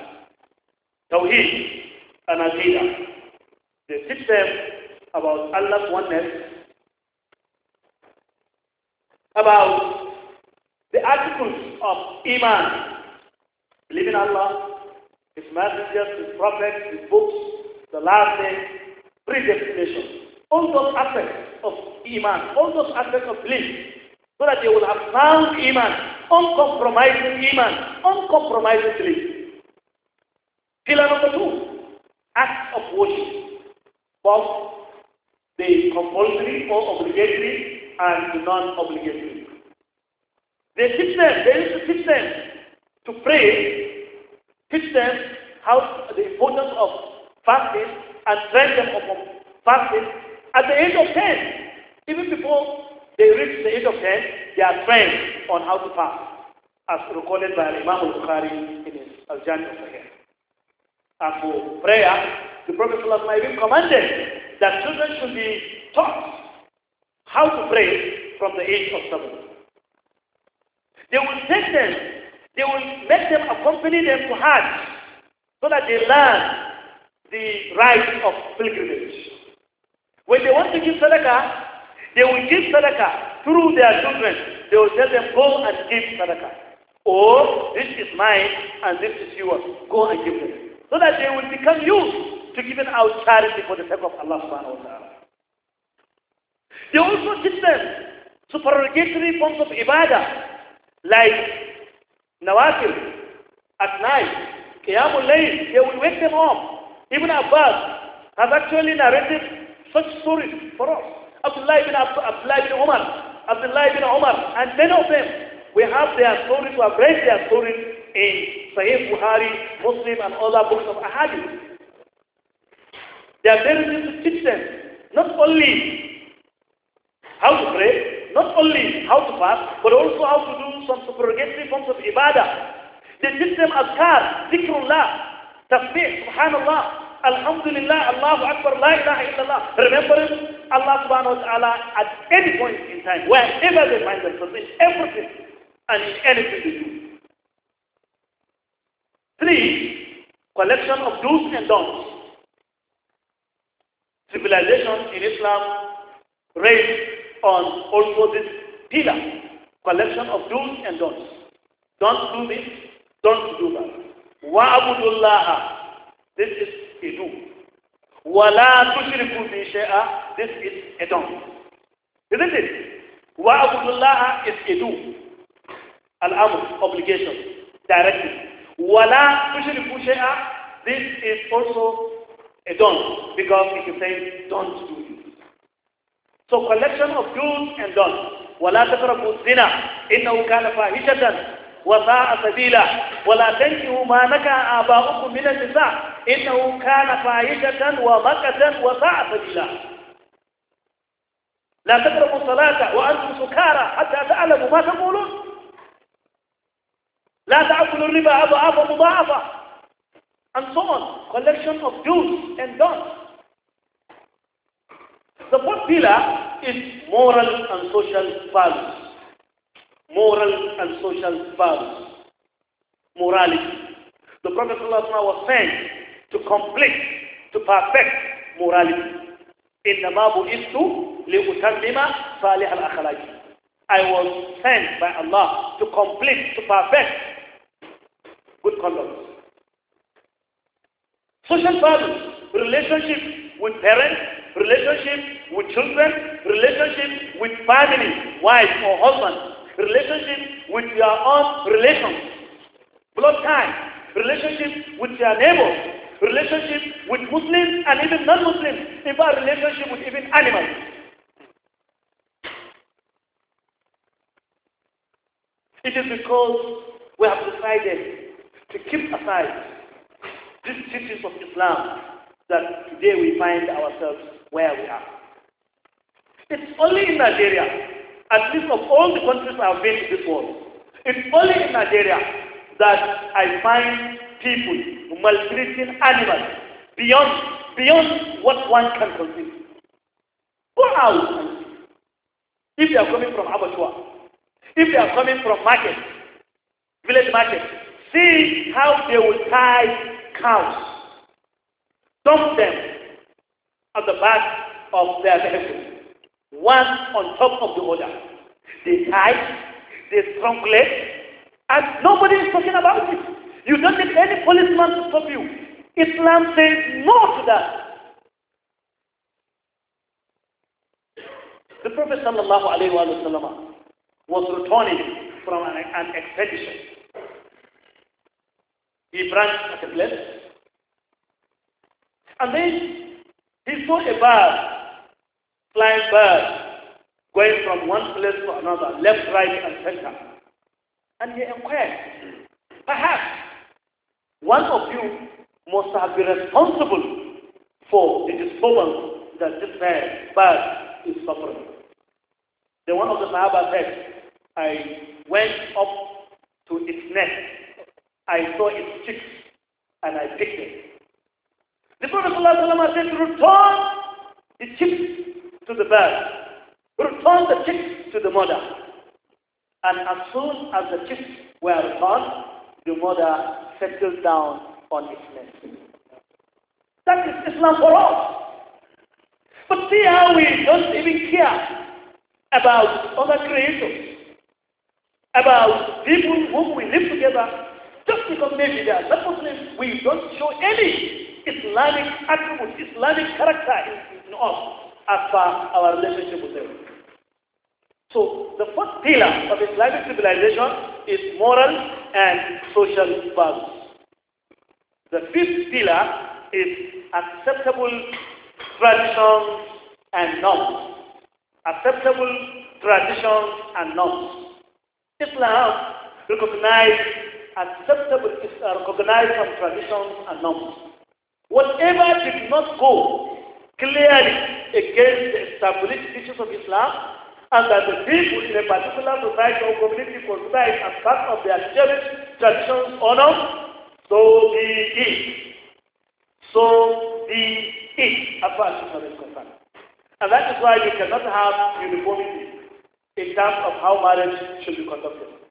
Tawheed and Aqidah. They teach them about Allah's oneness, about the articles of Iman, believing Allah, His messengers, His prophets, His books, the last day, predestination. All those aspects of Iman, all those aspects of belief, so that they will have sound Iman uncompromising iman, uncompromising belief. Pillar number two, act of worship, both the compulsory or obligatory and the non-obligatory. They teach them, they used to teach them to pray, teach them how the importance of fasting and train them upon fasting. At the age of 10, even before they reach the age of 10, they are trained on how to pass, as recorded by Imam bukhari in his Al-Jami al-Sahih. And for prayer, the Prophet even commanded that children should be taught how to pray from the age of seven. They will take them, they will make them accompany them to Hajj so that they learn the right of pilgrimage. When they want to give sadaqah, they will give sadaqah through their children they will tell them, go and give sadaqah. Or, this is mine and this is yours. Go and give them. So that they will become used to giving out charity for the sake of Allah subhanahu wa ta'ala. They also teach them supererogatory forms of ibadah, like nawafil at night, qiyamul layl, they will wake them up. Ibn Abbas has actually narrated such stories for us. Abdullah ibn, Abdullah ibn Umar Abdullah ibn Umar, and many of them. We have their stories, we have read their stories in Sahih Buhari, Muslim, and other books of Ahadith. They are very things to teach them, not only how to pray, not only how to fast, but also how to do some supererogatory forms of ibadah. They teach them azkar, zikrullah, tasbih, subhanallah, alhamdulillah, Allahu Akbar, la ilaha illallah, remembrance, Allah subhanahu wa ta'ala at any point in time, wherever they find themselves, in everything and in anything they do. Three, collection of do's and don'ts. Civilization in Islam rests on also this pillar, collection of do's and don'ts. Don't do this, don't do that. Wa'budullaha. This is a do. Wala تُشْرِكُوا بِهِ شَيْئًا This is a don't. Isn't it? وَعَبُدُ اللَّهَ is a do. Al-amr, obligation, directive. وَلَا تُشْرِكُوا شَيْئًا This is also a don't because it is saying don't do it. So collection of do's and don'ts. وَلَا تَقْرَبُوا الزِّنَا إِنَّهُ كَانَ فَاحِشَةً وساء سبيلا ولا تنكحوا ما نكح آباؤكم من النساء إنه كان فاحشة ومكة وساء سبيلا لا تقربوا الصلاة وأنتم سكارى حتى تعلموا ما تقولون لا تأكلوا الربا أضعافا مضاعفة and so on collection of dues and don'ts the fourth pillar is moral and social values moral and social values, morality. The Prophet was sent to complete, to perfect morality. I was sent by Allah to complete, to perfect good conduct. Social values, relationship with parents, relationship with children, relationship with family, wife or husband, relationship with your own relations, blood ties, relationship with your neighbors, relationship with Muslims and even non-Muslims, even relationship with even animals. It is because we have decided to keep aside these teachings of Islam that today we find ourselves where we are. It's only in Nigeria at least of all the countries I have been in this world, it's only in Nigeria that I find people maltreating animals beyond, beyond what one can conceive. Go out and see. If they are coming from abattoir, if they are coming from market, village market, see how they will tie cows, dump them at the back of their vehicle one on top of the other. They tie, they legs, and nobody is talking about it. You don't need any policeman to stop you. Islam says no to that. The Prophet ﷺ was returning from an, an expedition. He branched at a place. And then he saw a bird flying birds going from one place to another, left, right, and center. And he inquired, perhaps one of you must have been responsible for the disturbance that this man, uh, bird is suffering. The one of the Sahaba said, I went up to its nest. I saw its chicks and I picked them. The Prophet ﷺ said, return the chicks to the bird, return the chicks to the mother. And as soon as the chicks were returned, the mother settled down on its nest. That is Islam for us. But see how we don't even care about other creatures, about people whom we live together, just because maybe they are not Muslims, we don't show any Islamic attribute, Islamic character in, in us as far our relationship with them. So the first pillar of Islamic civilization is moral and social values. The fifth pillar is acceptable traditions and norms. Acceptable traditions and norms. Islam recognizes acceptable, uh, recognized some traditions and norms. Whatever did not go clearly against the established teachings of Islam and that the people in a particular society or community consider as part of their cherished traditions honour. so be it. So be it, as far as Islam is concerned. And that is why you cannot have uniformity in terms of how marriage should be conducted.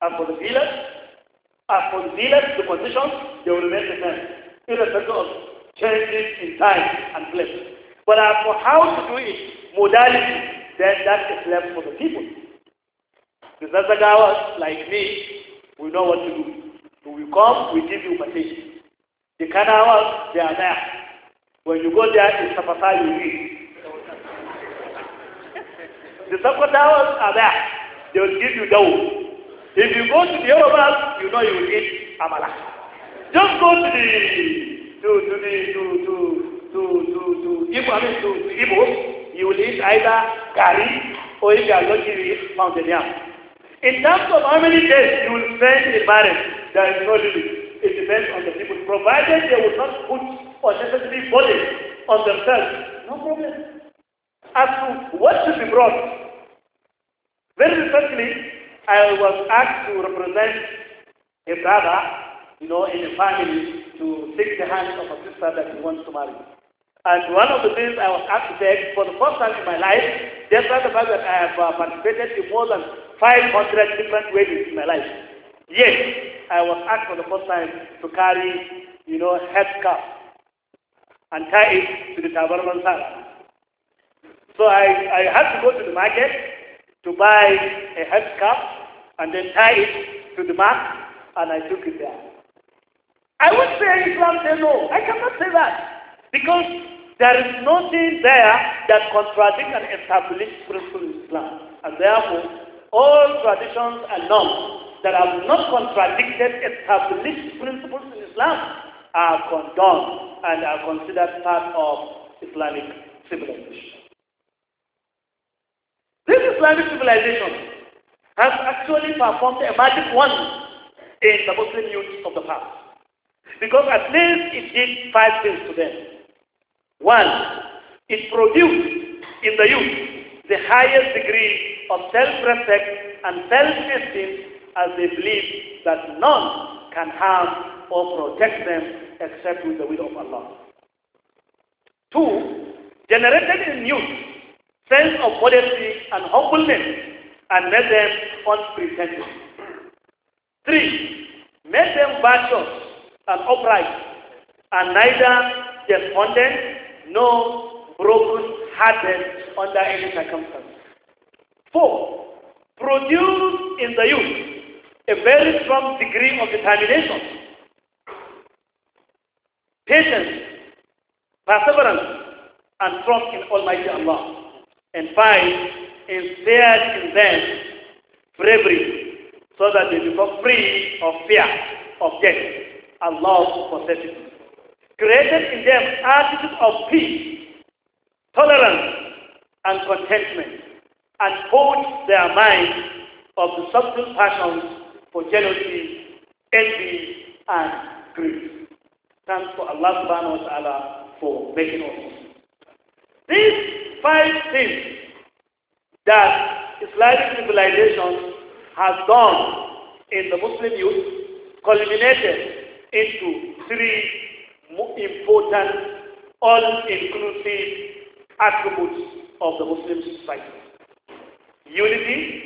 And for the dealers, as for the dealers, the position they will remain the same, irrespective of changes in time and place. But as for how to do it, modality, then that is left for the people. The Zazagawas, like me, we know what to do. When we come, we give you invitation. The Kanawas, they are there. When you go there, it's Sapata you read. the Sapatawas are there. They will give you dough. If you go to the Yorubas, you know you will eat amala. Just go to the to to the to to to to to Igbo I mean to, to Igbo, you will eat either curry or if you are lucky mountain yam. In terms of how many days you will spend in marriage, there is no limit. It depends on the people, provided they will not put unnecessary burden on themselves. No problem. As to what should be brought, very recently I was asked to represent a brother, you know, in a family to take the hand of a sister that he wants to marry. And one of the things I was asked to do for the first time in my life, despite the fact that I have uh, participated in more than 500 different weddings in my life, yet I was asked for the first time to carry, you know, headscarf and tie it to the tabernacle. So I, I had to go to the market to buy a headscarf and then tie it to the mark and I took it there. I would say Islam say no. I cannot say that. Because there is nothing there that contradicts an established principle in Islam. And therefore, all traditions and norms that have not contradicted established principles in Islam are condoned and are considered part of Islamic civilization. This Islamic civilization has actually performed a magic one in the Muslim youth of the past. Because at least it did five things to them. One, it produced in the youth the highest degree of self-respect and self-esteem as they believe that none can harm or protect them except with the will of Allah. Two, generated in youth sense of modesty and humbleness and made them unpretending. Three, made them virtuous and upright and neither despondent no broken-hearted under any circumstance. Four, produce in the youth a very strong degree of determination, patience, perseverance, and trust in Almighty Allah. And five, instill in them bravery so that they become free of fear of death. and of possesses created in them attitudes of peace, tolerance, and contentment, and hold their minds of the subtle passions for jealousy, envy, and greed. Thanks to Allah subhanahu wa ta'ala for making us. These five things that Islamic civilization has done in the Muslim youth culminated into three important, all-inclusive attributes of the Muslim society. Unity,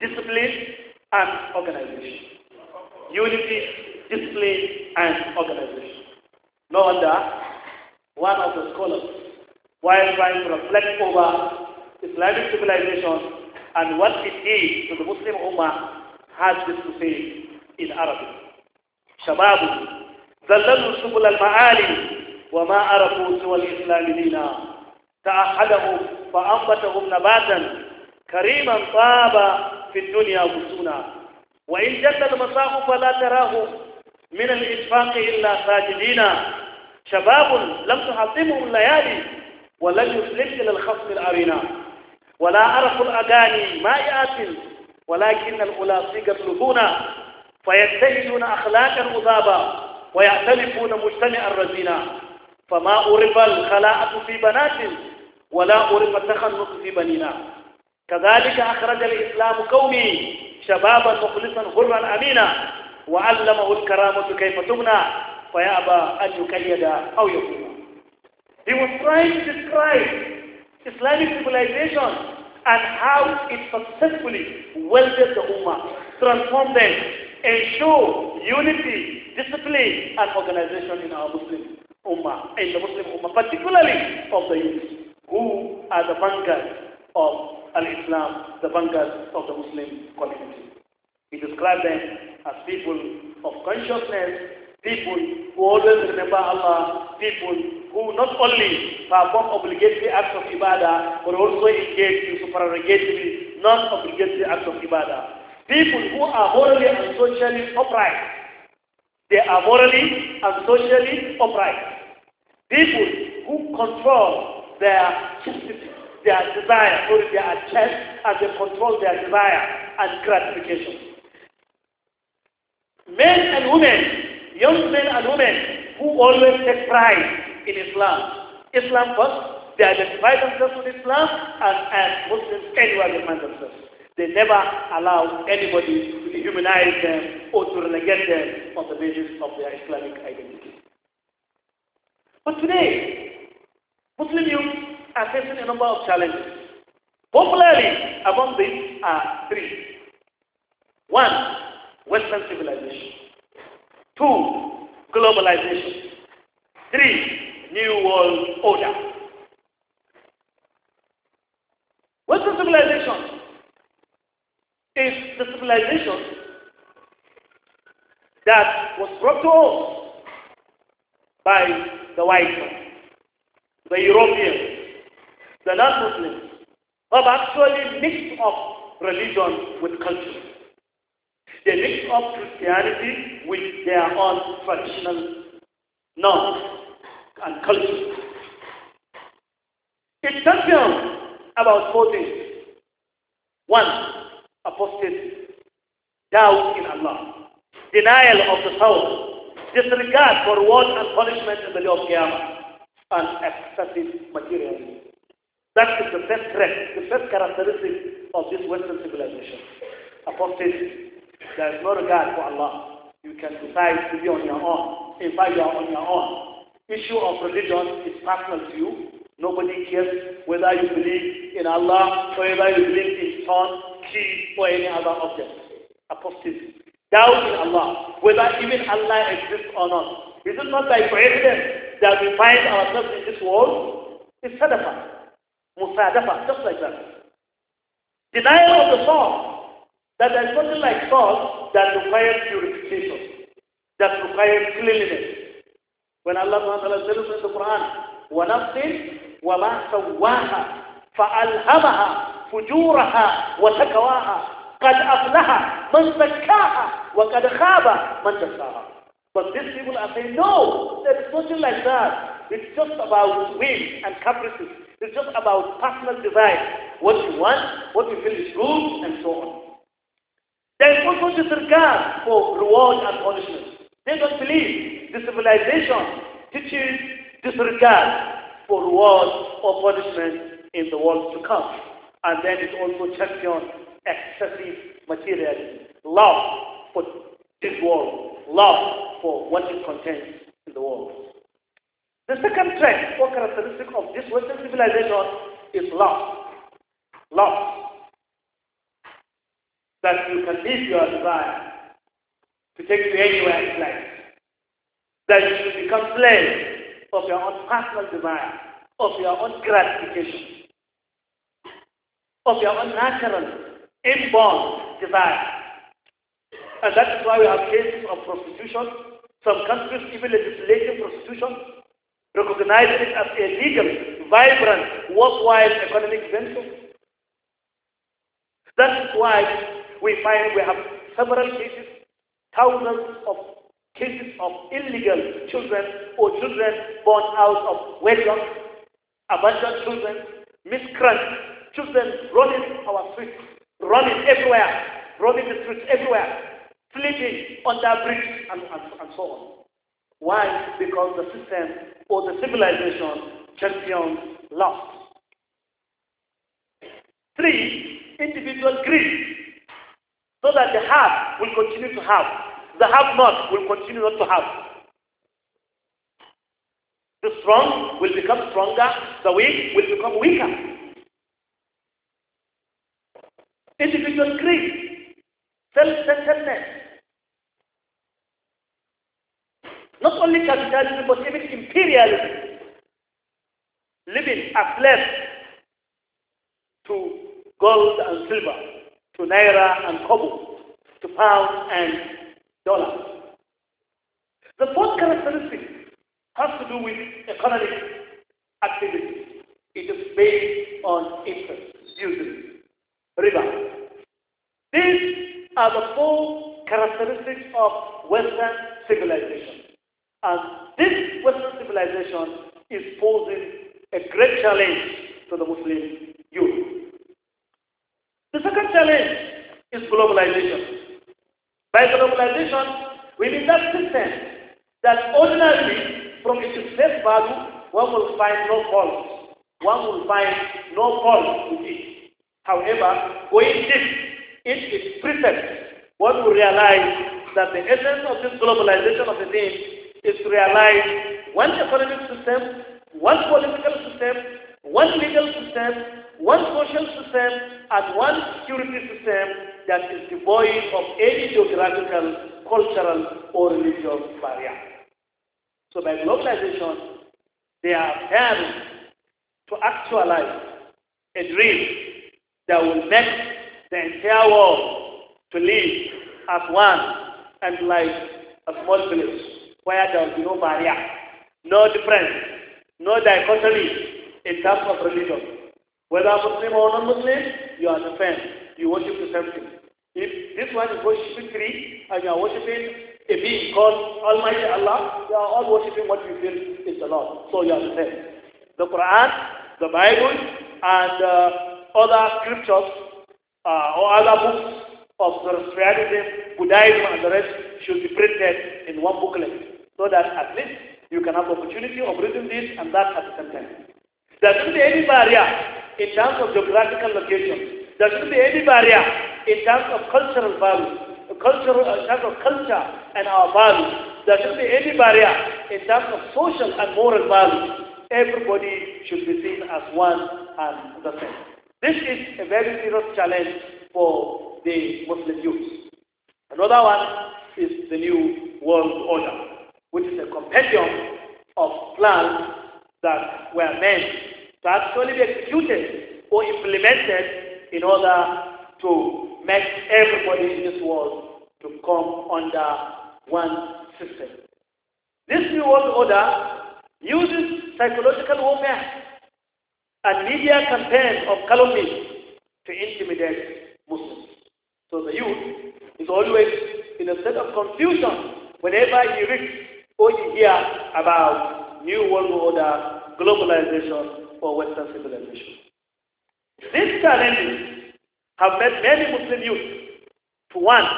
discipline, and organization. Unity, discipline, and organization. No wonder one of the scholars, while trying to reflect over Islamic civilization and what it is to the Muslim Ummah, has this to say in Arabic. "Shababu." ذللوا سبل المعالي وما عرفوا سوى الإسلام دينا تأحدهم فأنبتهم نباتا كريما طاب في الدنيا بسونا وإن جد المصاب فلا تراه من الإشفاق إلا ساجدين شباب لم تحطمهم الليالي ولن يسلم إلى الخصم الأرينا ولا عرف الأغاني مائعات ولكن الأولى صيغة لبونا فيتهدون أخلاقا مذابا ويأتلفون مجتمع الرزينة فما أعرف الخلاءة في بنات ولا أعرف التخنص في بنينا كذلك أخرج الإسلام كوني شبابا مخلصا حرا أمينا وعلمه الكرامة كيف تبنى فيأبى أن يكيد أو يكون He was trying to describe Islamic civilization and how it successfully welded the Ummah, transformed them ensure unity, discipline, and organization in our Muslim Ummah, in the Muslim Ummah, particularly of the youth, who are the vanguard of Al-Islam, the vanguard of the Muslim community. We describe them as people of consciousness, people who always remember Allah, people who not only perform obligatory acts of ibadah, but also engage in supererogatory, non-obligatory acts of ibadah. People who are morally and socially upright. They are morally and socially upright. People who control their their desire, or their attempt and they control their desire and gratification. Men and women, young men and women, who always take pride in Islam. Islam first, they identify themselves with Islam and as Muslims anywhere they find themselves. They never allow anybody to dehumanize them or to relegate them on the basis of their Islamic identity. But today, Muslim youth are facing a number of challenges. Popularly, among these are three. One, Western civilization. Two, globalization. Three, New World Order. Western civilization is the civilization that was brought to us by the white man, the Europeans, the non-Muslims, have actually mixed up religion with culture. They mixed up Christianity with their own traditional norms and culture. It not about four things. One, apostasy, doubt in Allah, denial of the soul, disregard for reward and punishment in the day of Qiyamah, and excessive materialism. That is the first threat, the first characteristic of this Western civilization. Apostasy. There is no regard for Allah. You can decide to be on your own. In fact, you are on your own. Issue of religion is personal to you. Nobody cares whether you believe in Allah, whether you believe in stone, See for any other object. Apostasy. Doubt in Allah, whether even Allah exists or not. Is it not by evidence that we find ourselves in this world? It's sadafa, musadafa, just like that. Denial of the source, that there is something like source that requires purification, that requires cleanliness. When Allah subhanahu says in the Quran, وَنَفْسٍ وَمَا سَوَّاهَا فَأَلْهَمَهَا فجورها وتكواها قد أفلح من زكاها وقد خاب من دساها But these people are saying, no, there is nothing like that. It's just about whim and caprices. It's just about personal desire. What you want, what you feel is good, and so on. There is also disregard for reward and punishment. They don't believe the civilization teaches disregard for reward or punishment in the world to come and then it also champions excessive materialism, love for this world, love for what it contains in the world. The second trait or characteristic of this Western civilization is love. Love. That you can live your desire to take you anywhere in life. That you should become slave of your own personal desire, of your own gratification of your unnatural, natural, inborn desire. And that is why we have cases of prostitution. Some countries even legislating prostitution, recognizing it as a legal, vibrant, worthwhile economic venture. That is why we find we have several cases, thousands of cases of illegal children or children born out of wedlock, abandoned children, miscreants, Children running our streets, running everywhere, running the streets everywhere, sleeping under bridges and, and, and so on. Why? Because the system or the civilization champion lost. Three, individual greed. So that the have will continue to have. The have not will continue not to have. The strong will become stronger, the weak will become weaker individual greed, self-centeredness. Not only capitalism, but even imperialism. Living a slave to gold and silver, to naira and kobo, to pound and dollar. The fourth characteristic has to do with economic activity. It is based on interest, usually. River. These are the four characteristics of Western civilization. And this Western civilization is posing a great challenge to the Muslim youth. The second challenge is globalization. By globalization, we mean that system that ordinarily, from its face value, one will find no fault. One will find no fault with it. However, going deep in its present, one will realize that the essence of this globalization of the day is to realize one economic system, one political system, one legal system, one social system, and one security system that is devoid of any geographical, cultural, or religious barrier. So by globalization, they are able to actualize a dream that will make the entire world to live as one and like a small village where there will be no barrier, no difference, no dichotomy in terms of religion. Whether Muslim or non-Muslim, you are the same. You worship the same thing. If this one is worshiping three and you are worshiping a being called Almighty Allah, you are all worshiping what you feel is the Lord. So you are the same. The Quran, the Bible, and uh, other scriptures uh, or other books of spiritualism, Buddhism and the rest should be printed in one booklet so that at least you can have the opportunity of reading this and that at the same time. There shouldn't be any barrier in terms of geographical location. There shouldn't be any barrier in terms of cultural values cultural, uh, in terms of culture and our values. There shouldn't be any barrier in terms of social and moral values. Everybody should be seen as one and the same. This is a very serious challenge for the Muslim youth. Another one is the New World Order, which is a compendium of plans that were meant to actually be executed or implemented in order to make everybody in this world to come under one system. This New World Order uses psychological warfare a media campaign of calumny to intimidate Muslims. So the youth is always in a state of confusion whenever he reads or he hears about new world order, globalization, or Western civilization. These challenges have made many Muslim youth to one,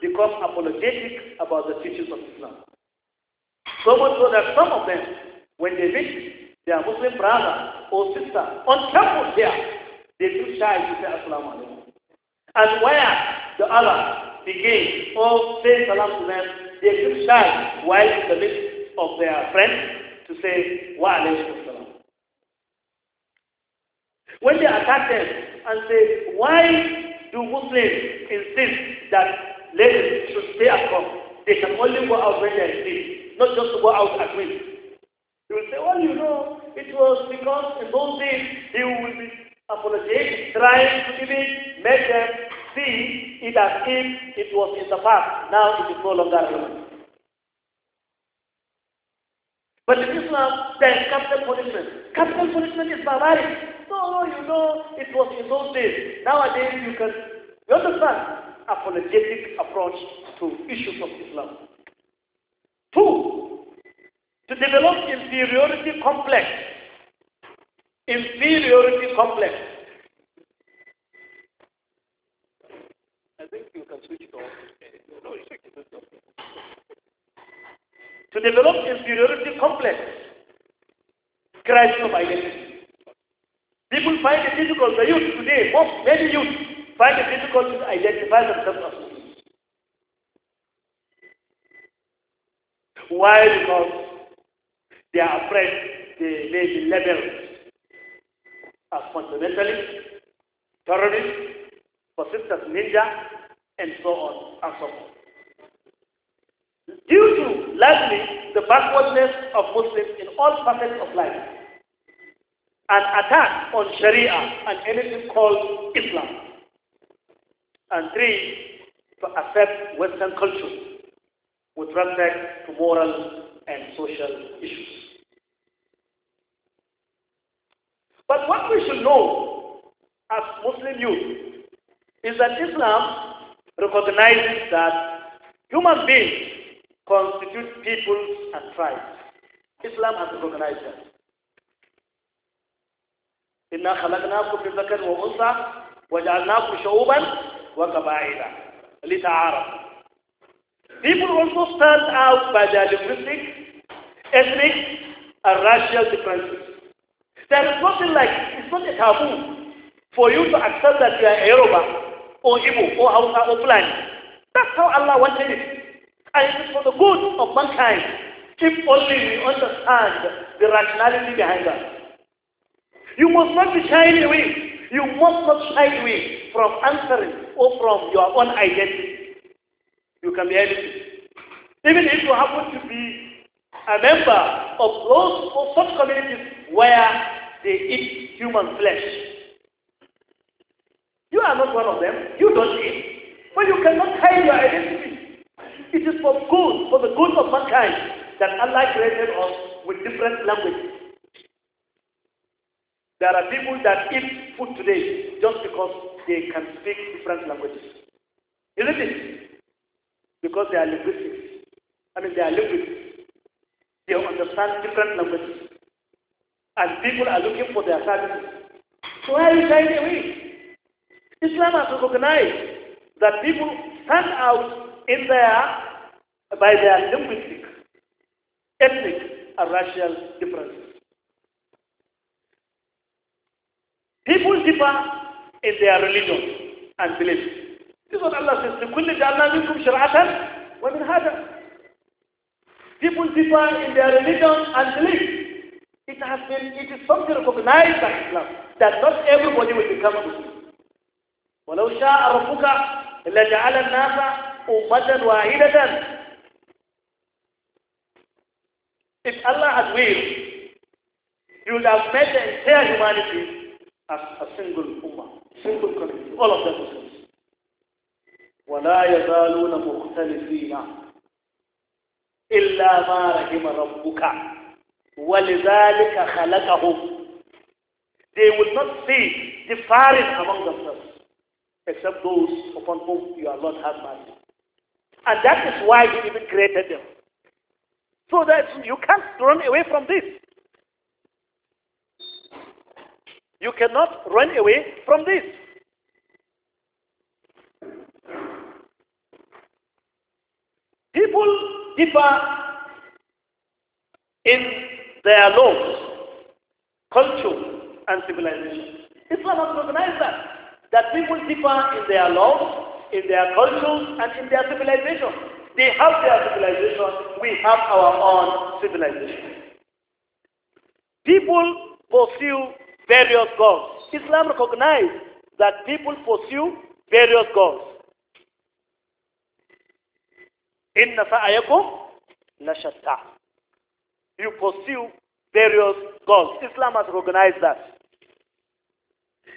become apologetic about the teachings of Islam. So much so that some of them, when they meet their Muslim brother or sister on campus there they too shy to say Assalamu alaikum. And where the other begin or say salam to them, they too shy while in the midst of their friends to say wa alaikum salam. When they attack them and say, why do Muslims insist that ladies should stay at home? They can only go out when they are asleep, not just to go out at night. You will say, well, you know, it was because in those days he will be apologetic, trying to even make them see it as if it was in the past. Now it is no longer relevant. But in Islam, there is capital punishment. Capital punishment is barbaric. So you know, it was in those days. Nowadays, you can, you understand, apologetic approach to issues of Islam. Two, to develop inferiority complex. Inferiority complex. I think you can switch it off. No, it's okay. To develop inferiority complex, crisis of identity. People find it difficult, the youth today, most, many youth find it difficult to identify themselves as Why? Because they are afraid they may be labeled as fundamentalists, terrorists, persistent ninja, and so on and so forth. Due to, largely, the backwardness of Muslims in all facets of life, an attack on Sharia and anything called Islam. And three, to accept Western culture with respect to moral and social issues. But what we should know as Muslim youth is that Islam recognizes that human beings constitute peoples and tribes. Islam has recognized that. إنا خلقناكم ذكر وأنثى وجعلناكم شعوبا وقبائل People also stand out by their linguistic, ethnic, and racial differences. There is nothing like, it's not a taboo for you to accept that you are a Yoruba or Igbo or Hausa or Fulani. That's how Allah wanted it. And it is for the good of mankind if only we understand the rationality behind that. You must not be shying away. You must not shy away from answering or from your own identity. You can be anything. Even if you happen to be a member of those or such communities where they eat human flesh. You are not one of them. You don't eat. But you cannot hide your identity. It is for good, for the good of mankind, that Allah created us with different languages. There are people that eat food today just because they can speak different languages. Isn't it? Because they are linguists. I mean, they are linguists. They understand different languages and people are looking for their services. So why are you shying away? Islam has recognized that people stand out in their, by their linguistic, ethnic, and racial differences. People differ in their religion and beliefs. This is what Allah says, لِكُلِّ جَعَلْنَا مِنْكُمْ شَرْعَةً وَمِنْ هَذَا People differ in their religion and beliefs. It has been, it is something recognized by Islam that not everybody will become Muslim. ولو شاء ربك لجعل الناس أمة واحدة If Allah had willed, He would have made the entire humanity as a single ummah, single community, all of them Muslims. ولا يزالون مختلفين إلا ما رحم ربك وَلِذَلِكَ خَلَقَهُمْ They will not see differing among themselves, except those upon whom you Lord has mercy. And that is why you even created them. So that you can't run away from this. You cannot run away from this. People differ in their laws, culture, and civilization. Islam has recognized that, that people differ in their laws, in their cultures, and in their civilization. They have their civilization, we have our own civilization. People pursue various goals. Islam recognizes that people pursue various goals. إِنَّ Nasa لَشَتَّى You pursue various gods. Islam has recognized that.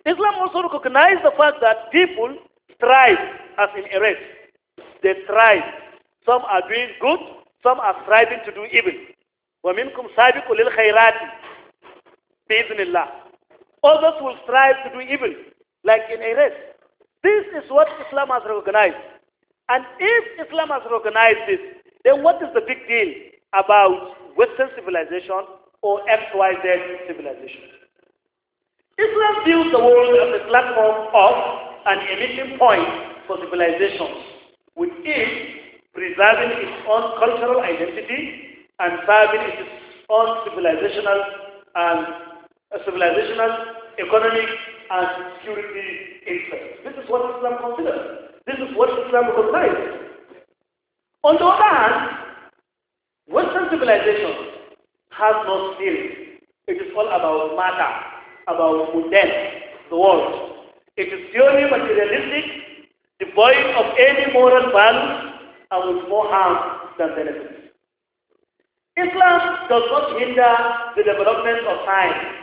Islam also recognizes the fact that people strive as in a race. They strive. Some are doing good, some are striving to do evil. وَمِنْكُمْ سَابِقُ لِلْخَيْرَاتِ بِإِذْنِ اللَّهِ Others will strive to do evil, like in a race. This is what Islam has recognized. And if Islam has recognized this, then what is the big deal about Western civilization or XYZ civilization. Islam views the world as a platform of an emission point for civilizations, with it preserving its own cultural identity and serving its own civilizational and uh, civilizational, economic, and security interests. This is what Islam considers. This is what Islam recognizes. On the other hand, Western civilizations has no spirit. It is all about matter, about mundane, the world. It is purely materialistic, devoid of any moral value, and with more harm than benefit. Islam does not hinder the development of science,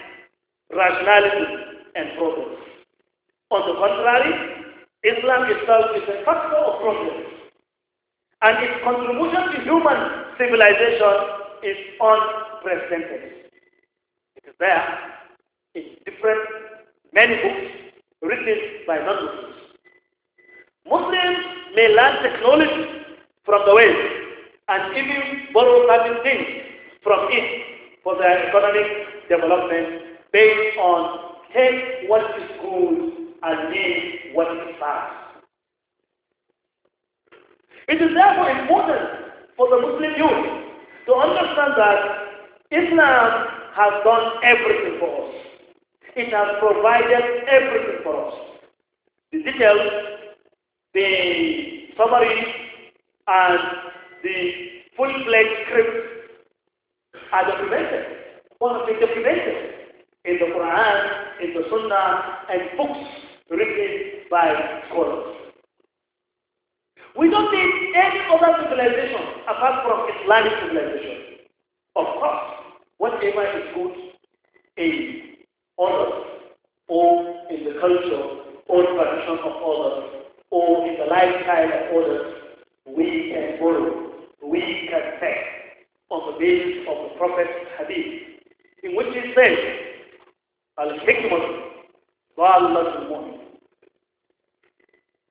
rationality, and progress. On the contrary, Islam itself is a factor of progress, and its contribution to human civilization is unprecedented. It is there in different, many books written by non-Muslims. Muslims may learn technology from the West and even borrow certain things from it for their economic development based on take what is good and leave what is bad. It is therefore important for the Muslim youth to understand that Islam has done everything for us. It has provided everything for us. The details, the summary, and the full-fledged script are documented. One of the documented in the Quran, in the Sunnah, and books written by scholars. We don't need any other civilization apart from Islamic civilization. Of course, whatever is good in others, or in the culture, or tradition of others, or in the lifestyle of others, we can borrow, we can take on the basis of the Prophet's hadith, in which he says, Al-Hikmah, Ba'Allah's Mu'min.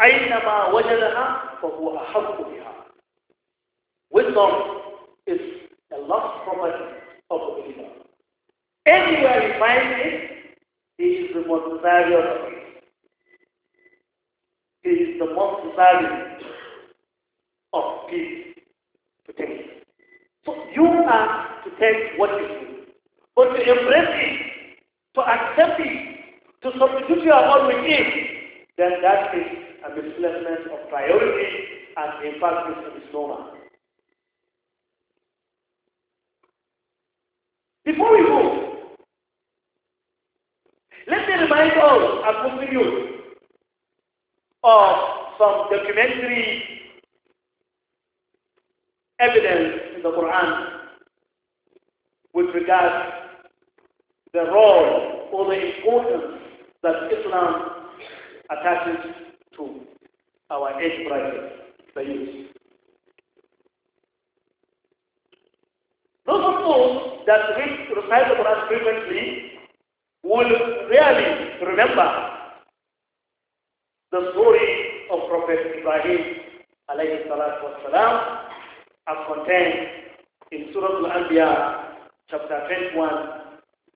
أينما وجدها فهو أحق بها Wisdom is the last property of the believer. Anywhere you find it, it is the most valuable It is the most valuable of peace to take. So you have to take what you see, but to embrace it, to accept it, to substitute your own with it, then that is a misplacement of priority and in fact is normal. Before we go, let me remind us as Muslim of some documentary evidence in the Quran with regard the role or the importance that Islam attaches to our age bracket, the youth. Those of you that read, recite the frequently will really remember the story of Prophet Ibrahim alayhi salatu wasalam as contained in Surah Al-Anbiya chapter 21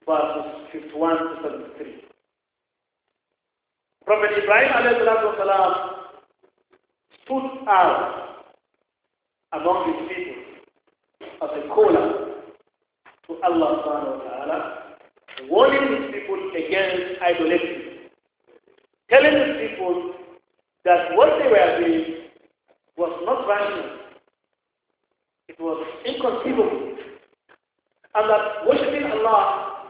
verses 51 to 73. Prophet Ibrahim والسلام, stood out among his people as a caller to Allah subhanahu wa ta'ala, warning his people against idolatry, telling his people that what they were doing was not rational, it was inconceivable, and that worshipping Allah,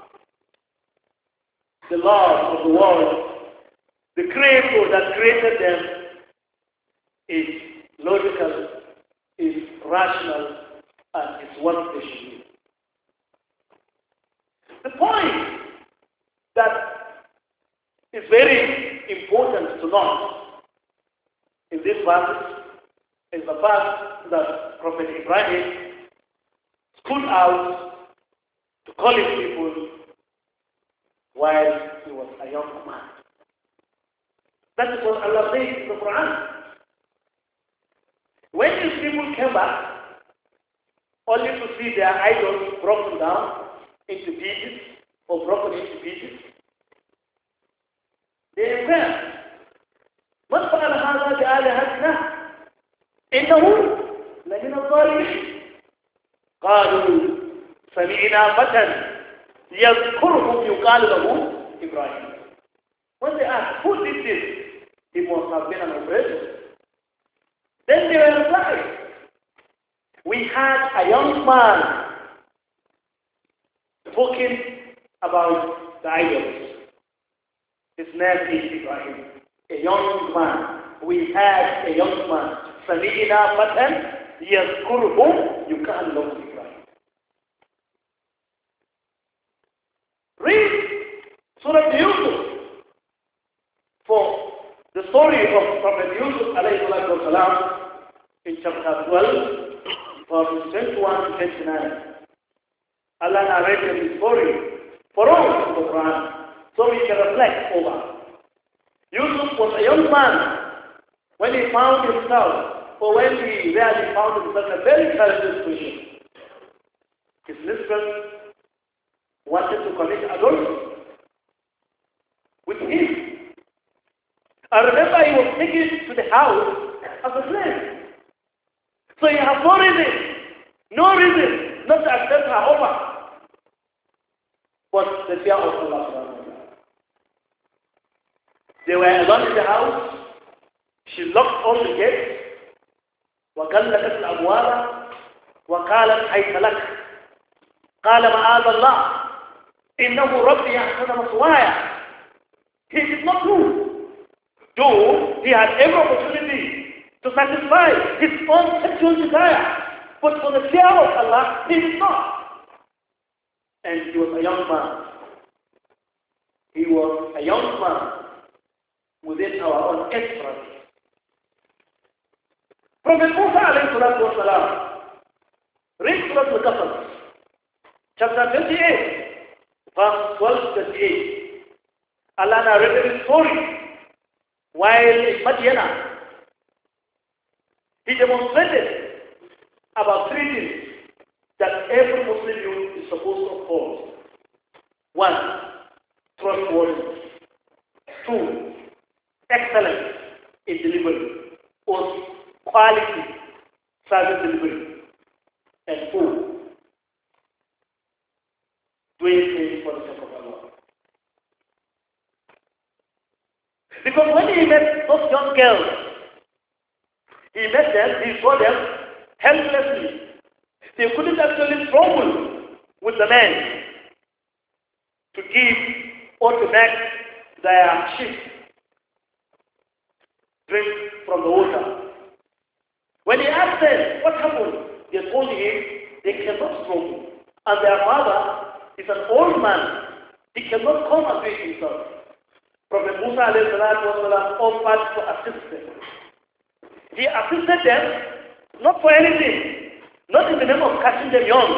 the Lord of the world, the creator that created them is logical, is rational, and is what they should be. The point that is very important to note in this verse is the fact that Prophet Ibrahim stood out to college people while he was a young man. That is what Allah says in the Quran. When these people came back, only to see their idols broken down into pieces or broken into pieces, they inquired, من فعل هذا بآلهتنا؟ إنه لمن الظالمين قالوا سمعنا فتى يذكرهم يقال له إبراهيم. When they asked, who did this? He must have been an operation. Then they were inside. We had a young man talking about the idols. His name is Ibrahim. A young man. We had a young man. سمعنا فتى يذكرهم يكأنه إبراهيم. Read Surah Yusuf the story of Prophet Yusuf والسلام, in chapter 12, verse 21 to 29. Allah narrated this story for all of the Quran so we can reflect over. Yusuf was a young man when he found himself, or when he really found himself in a very terrible situation. His mistress wanted to commit adultery with him I remember he was taken to the house as a slave. So he has no reason, no reason not to accept her offer. But the fear of Allah They were alone in the house. She locked all the gates. وَقَلَّكَتْ الأبواب وقالت حيث لك قال معاذ الله إنه ربي أحسن مصواي He did not move. Though he had every opportunity to satisfy his own sexual desire, but for the fear of Allah, he did not. And he was a young man. He was a young man within our own express. Prophet Musa alayhi salatu wa salam read Surah Al-Qasas, chapter 28, verse 12 to 38. Allah narrated his story while in Madiana. He demonstrated about three things that every Muslim youth is supposed to hold: One, trustworthiness. Two, excellence in delivery or quality service delivery. And four, doing things for the Because when he met those young girls, he met them, he saw them helplessly. They couldn't actually struggle with the men to give or to make their sheep drink from the water. When he asked them what happened, they told him they cannot struggle. And their father is an old man. He cannot come and do himself. Prophet Musa والسلام, offered to assist them. He assisted them not for anything, not in the name of catching them young,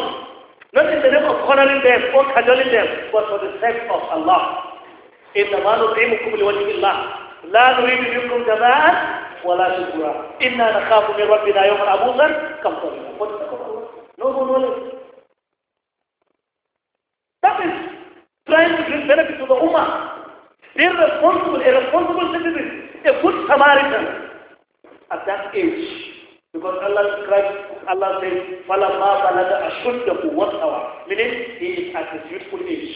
not in the name of cornering them or cajoling them, but for the sake of Allah. إنما نطعمكم لوجه الله لا نريد منكم جزاء ولا شكورا إنا نخاف من ربنا يوما عبوسا كم طريقا No knowledge. That is trying to bring benefit to the Ummah irresponsible, a responsible citizen, a good Samaritan at that age. Because Allah describes, Allah says, فَلَمَّا بَلَدَ أَشُدَّهُ وَسْأَوَى Meaning, he is at his youthful age.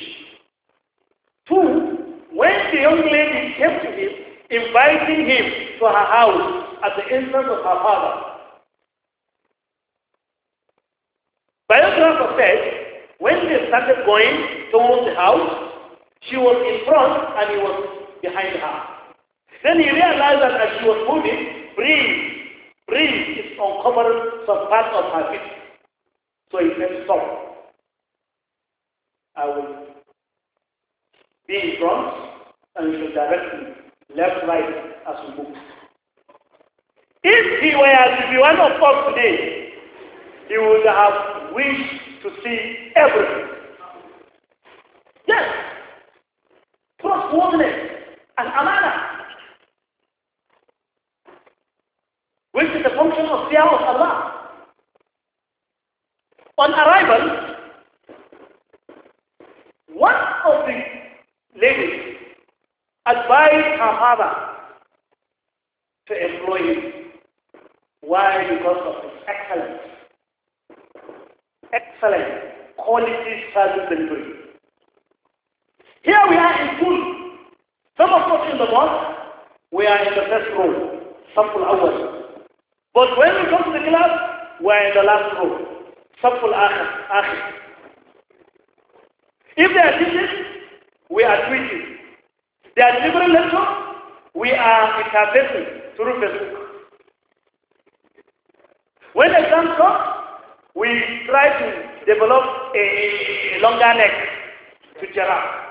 Two, when the young lady came to him, inviting him to her house at the instance of her father, biographer said, when they started going towards the house, she was in front and he was behind her. Then he realized that as she was moving, breathe, breathe is uncovering some part of her feet. So he said, stop. I will be in front and you should direct me left, right as we move. If he were to be one of us today, he would have wished to see everything. Yes and amana, which is the function of fear of Allah. On arrival, one of the ladies advised her father to employ him. Why? Because of his excellence. Excellent quality service delivery. Here we are in school. Some of us in the mosque, we are in the first row, Saful Awal. But when we come to the class, we are in the last row, Saful Akhir. If they are teaching, we are tweeting. They are delivering lecture, we are interpreting through Facebook. When exams come, we try to develop a longer neck to Gerard.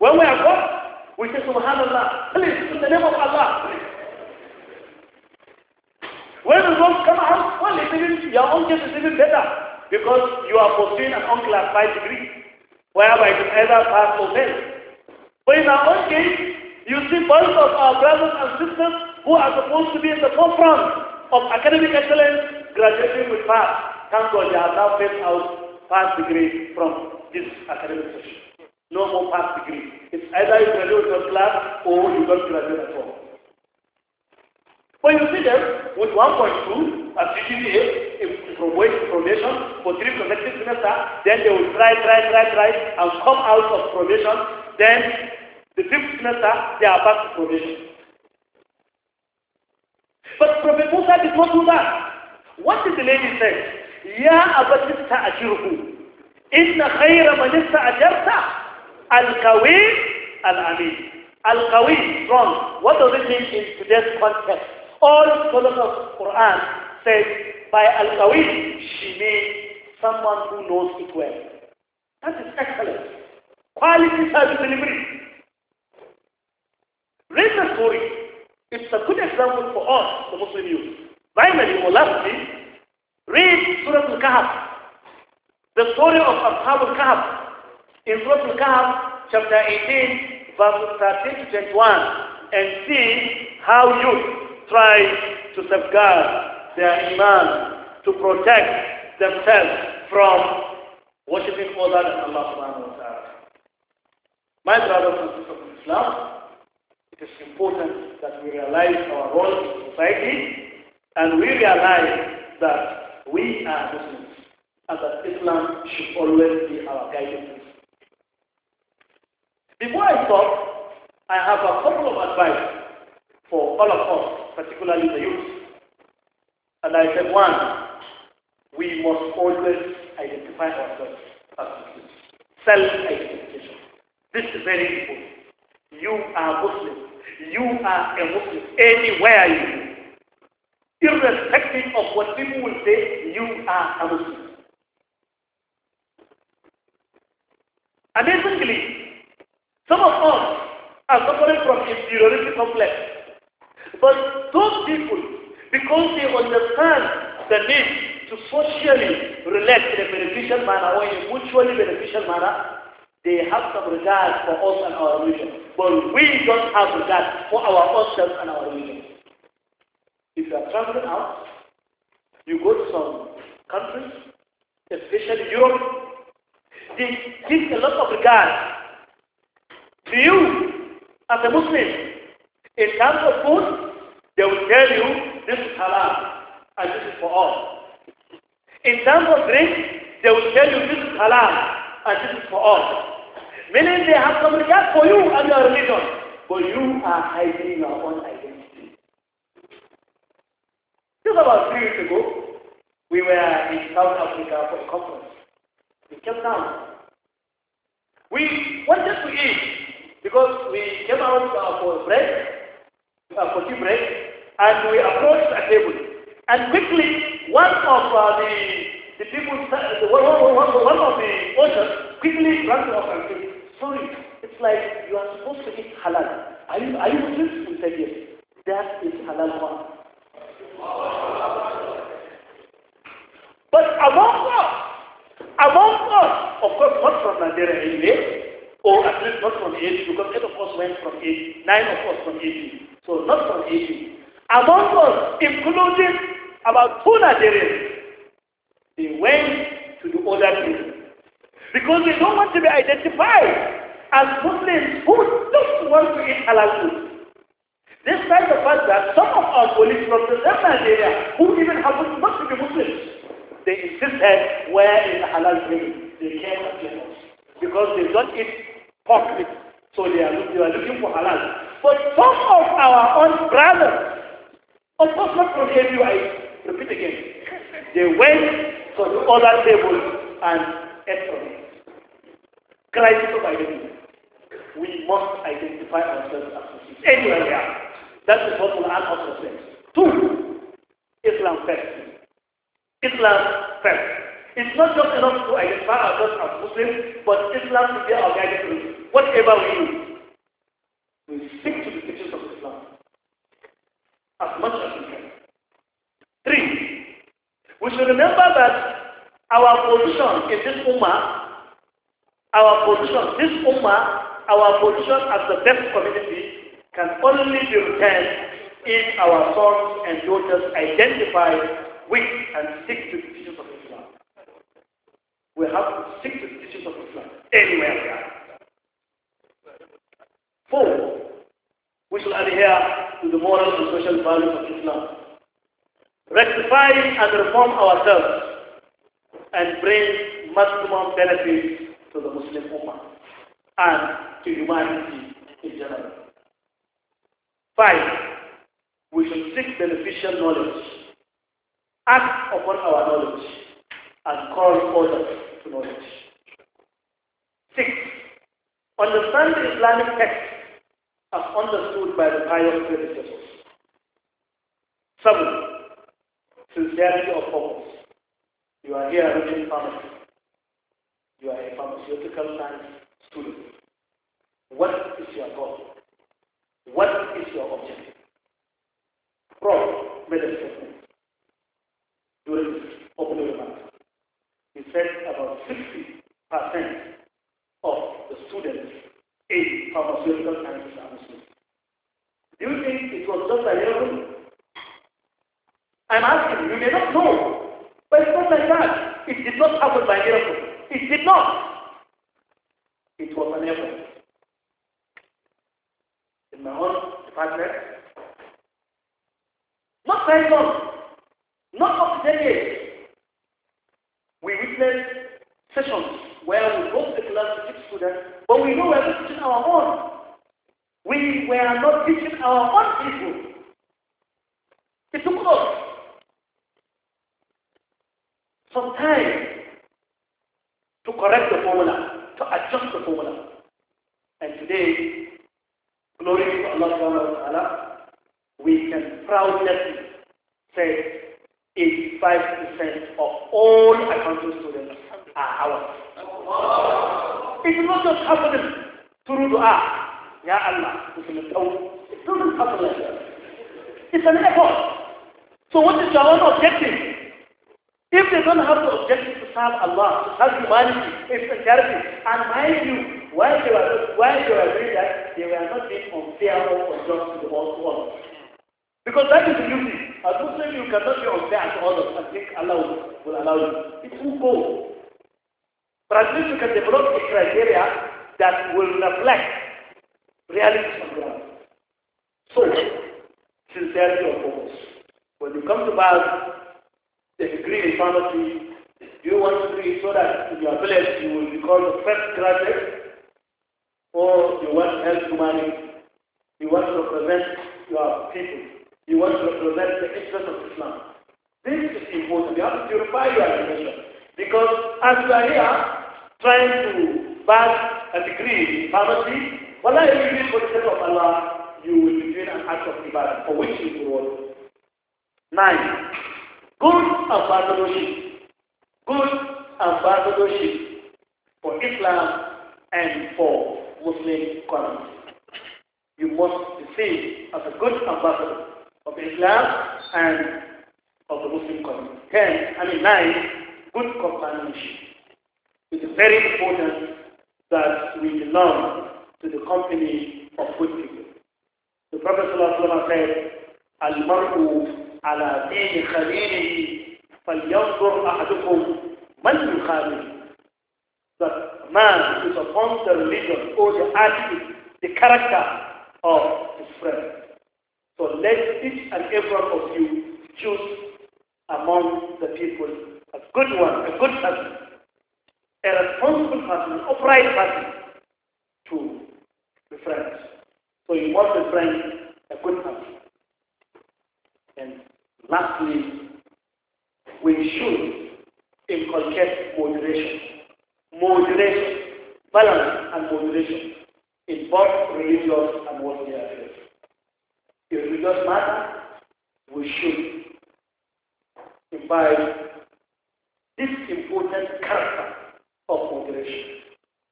When we are caught, we say, Subhanallah, please, in the name of Allah, please. When the wrong come out, well, it's even, your own case is even better because you are pursuing an unclassified degree, whereby it is either pass or fail. But in our own case, you see both of our brothers and sisters who are supposed to be at the forefront of academic excellence graduating with pass. Thank God they have now passed out five degree from this academic session. No more past degree. It's either you graduate your class or you don't graduate at all. When you see them with 1.2 as GPA from wage to probation for three consecutive semesters, then they will try, try, try, try, and come out of probation. Then the fifth semester, they are back to probation. But Prophet Musa did not do that. What did the lady say? Ya abadista ista ajiruhu. Inna khayra manista ajarta Al-Qawi, Al-Amin. Al-Qawi, strong. What does it mean in today's context? All scholars of Quran say by Al-Qawi, she means someone who knows it well. That is excellent. Quality service delivery. Read the story. It's a good example for us, the Muslim youth. Finally, or lastly, read Surah Al-Kahf, the story of Ashab al-Kahf, in Surah al chapter 18, Verse 13 to 21, and see how youth try to safeguard their iman, to protect themselves from worshipping other than Allah subhanahu wa ta'ala. My brothers and sisters of Islam, it is important that we realize our role in society and we realize that we are Muslims and that Islam should always be our guiding principle. Before I stop, I have a couple of advice for all of us, particularly the youth. And I said, one, we must always identify ourselves as Muslims. Self-identification. This is very important. You are Muslim. You are a Muslim anywhere you go. Irrespective of what people will say, you are a Muslim. And some of us are suffering from inferiority complex. But those people, because they understand the need to socially relate in a beneficial manner or in a mutually beneficial manner, they have some regard for us and our religion. But we don't have regard for our ourselves and our religion. If you are traveling out, you go to some countries, especially Europe, they give a lot of regard to you as a Muslim. In terms of food, they will tell you this is halal and this is for all. In terms of drink, they will tell you this is halal and this is for all. Meaning they have some regard for you and your religion, but you are hiding your own identity. Just about three weeks ago, we were in South Africa for a conference. We came down. We wanted to eat, because we came out for break, uh, for tea break, and we approached a table. And quickly, one of uh, the, the people, uh, one, one, one, one of the ushers quickly ran to us and said, sorry, it's like you are supposed to eat halal. Are you, are you Muslims? We said, yes. That is halal one. But among us, among us, of course not from Nigeria anyway, or at least not from 80, because eight of us went from 80, nine of us from 80, so not from 80. Among us, including about two Nigerians, they went to the other place because they don't want to be identified as Muslims who don't want to eat halal food. Despite the fact that some of our colleagues from the same Nigeria, who even happen not to be Muslims, they insisted where is halal food. They came and us because they don't eat so they are, they are looking for halal. But some of our own brothers, of course not from I repeat again, they went to the other table and ate from it. Crisis of identity. We must identify ourselves as Muslims. Anywhere we are. That is what will add also to Two, Islam first. Islam first. It's not just enough to identify ourselves as Muslims, but Islam should be our guiding principle. Whatever we do, we stick to the teachings of Islam as much as we can. Three, we should remember that our position in this Ummah, our position, this Ummah, our position as the best community can only be returned if our sons and daughters identify with and stick to the teachings of we have to seek the teachings of Islam anywhere we are. Four, we shall adhere to the moral and social values of Islam. Rectify and reform ourselves and bring maximum benefit to the Muslim Ummah and to humanity in general. Five, we should seek beneficial knowledge, act upon our knowledge, and call others knowledge. Six, understand the Islamic text as understood by the pious predecessors. Seven, sincerity of purpose. You are here reading pharmacy. You are a pharmaceutical science student. What is your goal? What is your objective? From medicine. During opening remarks. He said about 60% of the students in pharmaceutical sciences are Muslim. Do you think it was just a year ago? I'm asking, you may not know, but it's not like that. It did not happen by miracle. It did not. It was an effort. In my own department, not by long, not up to decades, we witness sessions where we both the class to teach students, but we know we are teaching our own. We were not teaching our own people. It took us some time to correct the formula, to adjust the formula. And today, glory to Allah subhanahu wa ta'ala, we can proudly say 85% of all accounting students are ours. It is not just happening through dua. Ya Allah, it doesn't happen like that. It's an effort. So what is your own objective? If they don't have the objective to serve Allah, to serve humanity, it's a charity. And mind you, why they were why they were doing that, they were not being unfair or unjust to the whole world. Because that is the beauty. As Muslim, you cannot be unfair to others and think Allah will allow you. It's too But at least you can develop a criteria that will reflect reality on ground. So, sincerity of purpose. When you come to Baal, the degree in do you want to do it so that in your village you will be called the first graduate? Or you want to help humanity? You want to represent your people? You want to represent the interest of Islam. This is important. You have to purify your information. Because as you are here trying to pass a degree in pharmacy, well, you do for the sake of Allah, you will be doing an act of ibadah for which you reward. Nine, good ambassadorship. Good ambassadorship for Islam and for Muslim community. You must be seen as a good ambassador of Islam and of the Muslim community. Ten, I mean nine, good companionship. It is very important that we belong to the company of good people. The Prophet ﷺ said, المرء على دين خليله فلينظر أحدكم man يخالف that man is upon the religion or the attitude, the character of his friend. So let each and every one of you choose among the people a good one, a good husband, a responsible husband, upright husband to befriend. So you must befriend a good husband. And lastly, we should inculcate moderation. Moderation, balance and moderation in both religious and worldly affairs in religious matter, we should imbibe this important character of moderation.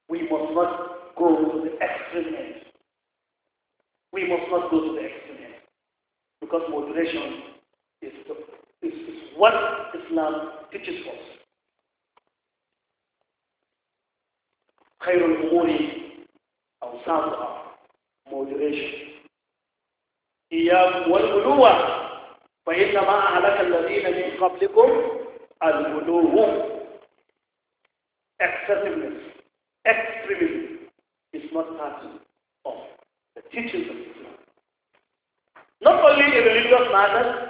We must not go to the extreme end. We must not go to the extreme end. Because moderation is, the, is, is what Islam teaches us. خير الأمور our moderation إياكم والغلو فإنما أهلك الذين من قبلكم الغلو excessiveness, extremism is not part of the teachings of Islam. Not only in religious matters,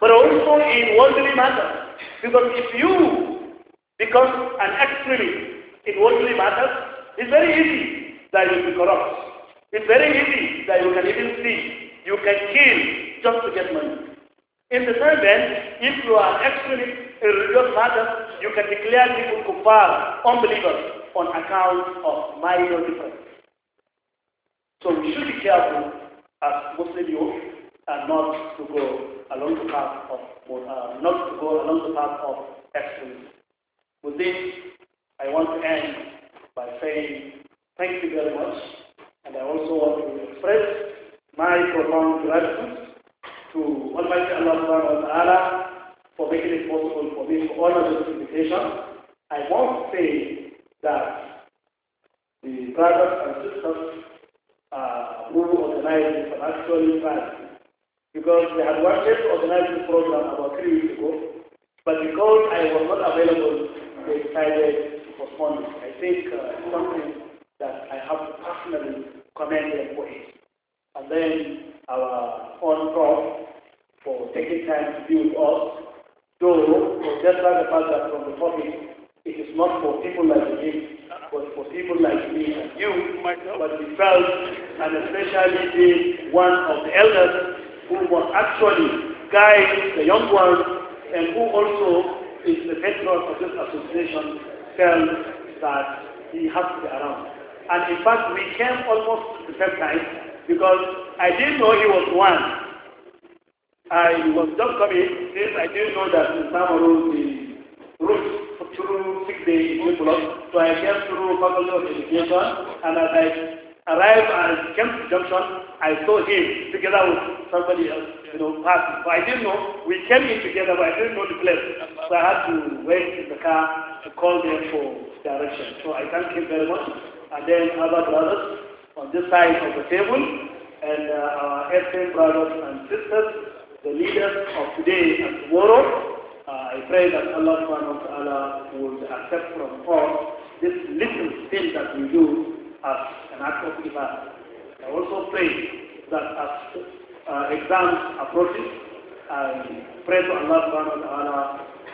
but also in worldly matters. Because if you become an extremist in worldly matters, it's very easy that you will be corrupt. It's very easy that you can even see you can kill just to get money. In the same vein, if you are actually a religious matter, you can declare people kuffar, unbelievers, on account of minor difference. So we should be careful as Muslim youth and not to go along the path of uh, not to go along the path of extremism. With this, I want to end by saying thank you very much, and I also want to express my profound gratitude to Almighty Allah subhanahu wa ta'ala for making it possible for me to honor this invitation. I must say that the brothers and sisters uh, who organized this are actually bad because they had wanted to organize this program about three weeks ago, but because I was not available, they decided to postpone it. I think uh, something that I have to personally commend them for it and then our own God for taking time to be with us. just like the fact that from the topic, it is not for people like me, but for people like me and you, but we felt, and especially being one of the elders who was actually guide the young ones and who also is the veteran of this association, felt that he has to be around. And in fact, we came almost the same time, because I didn't know he was one. I was just coming since I didn't know that Islam rules the route through six days in Europe. So I came through faculty of education and as I arrived at came junction, I saw him together with somebody else, you know, passing. So I didn't know. We came in together but I didn't know the place. So I had to wait in the car to call them for direction. So I thank him very much. And then other brothers on this side of the table and uh, our Eastern brothers and sisters, the leaders of today and tomorrow. Uh, I pray that Allah subhanahu wa ta'ala would accept from us this little thing that we do as an act of iman. I also pray that as uh, exams approaches, I pray to Allah subhanahu wa ta'ala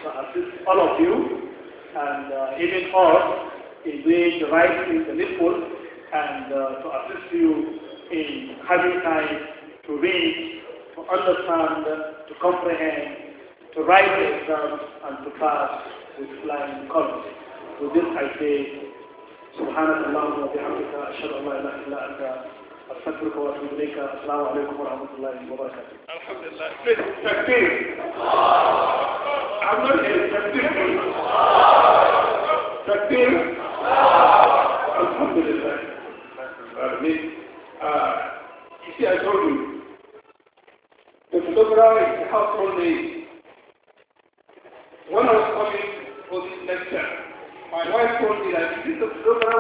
to assist all of you and uh, even all, in doing the right thing, the needful, and uh, to assist you in having time to read, to understand, to comprehend, to write the exams, and to pass with flying colors. With this I say, سبحانك اللهم وبحمدك أشهد أن لا إله إلا أنت أستغفرك وأتوب إليك السلام عليكم ورحمة الله وبركاته. الحمد لله. تكبير. عمل تكبير. تكبير. الحمد لله uh, make. Uh, you see, I told you, the photographer is the household name. When I was coming for this lecture, my wife told me that this is the photographer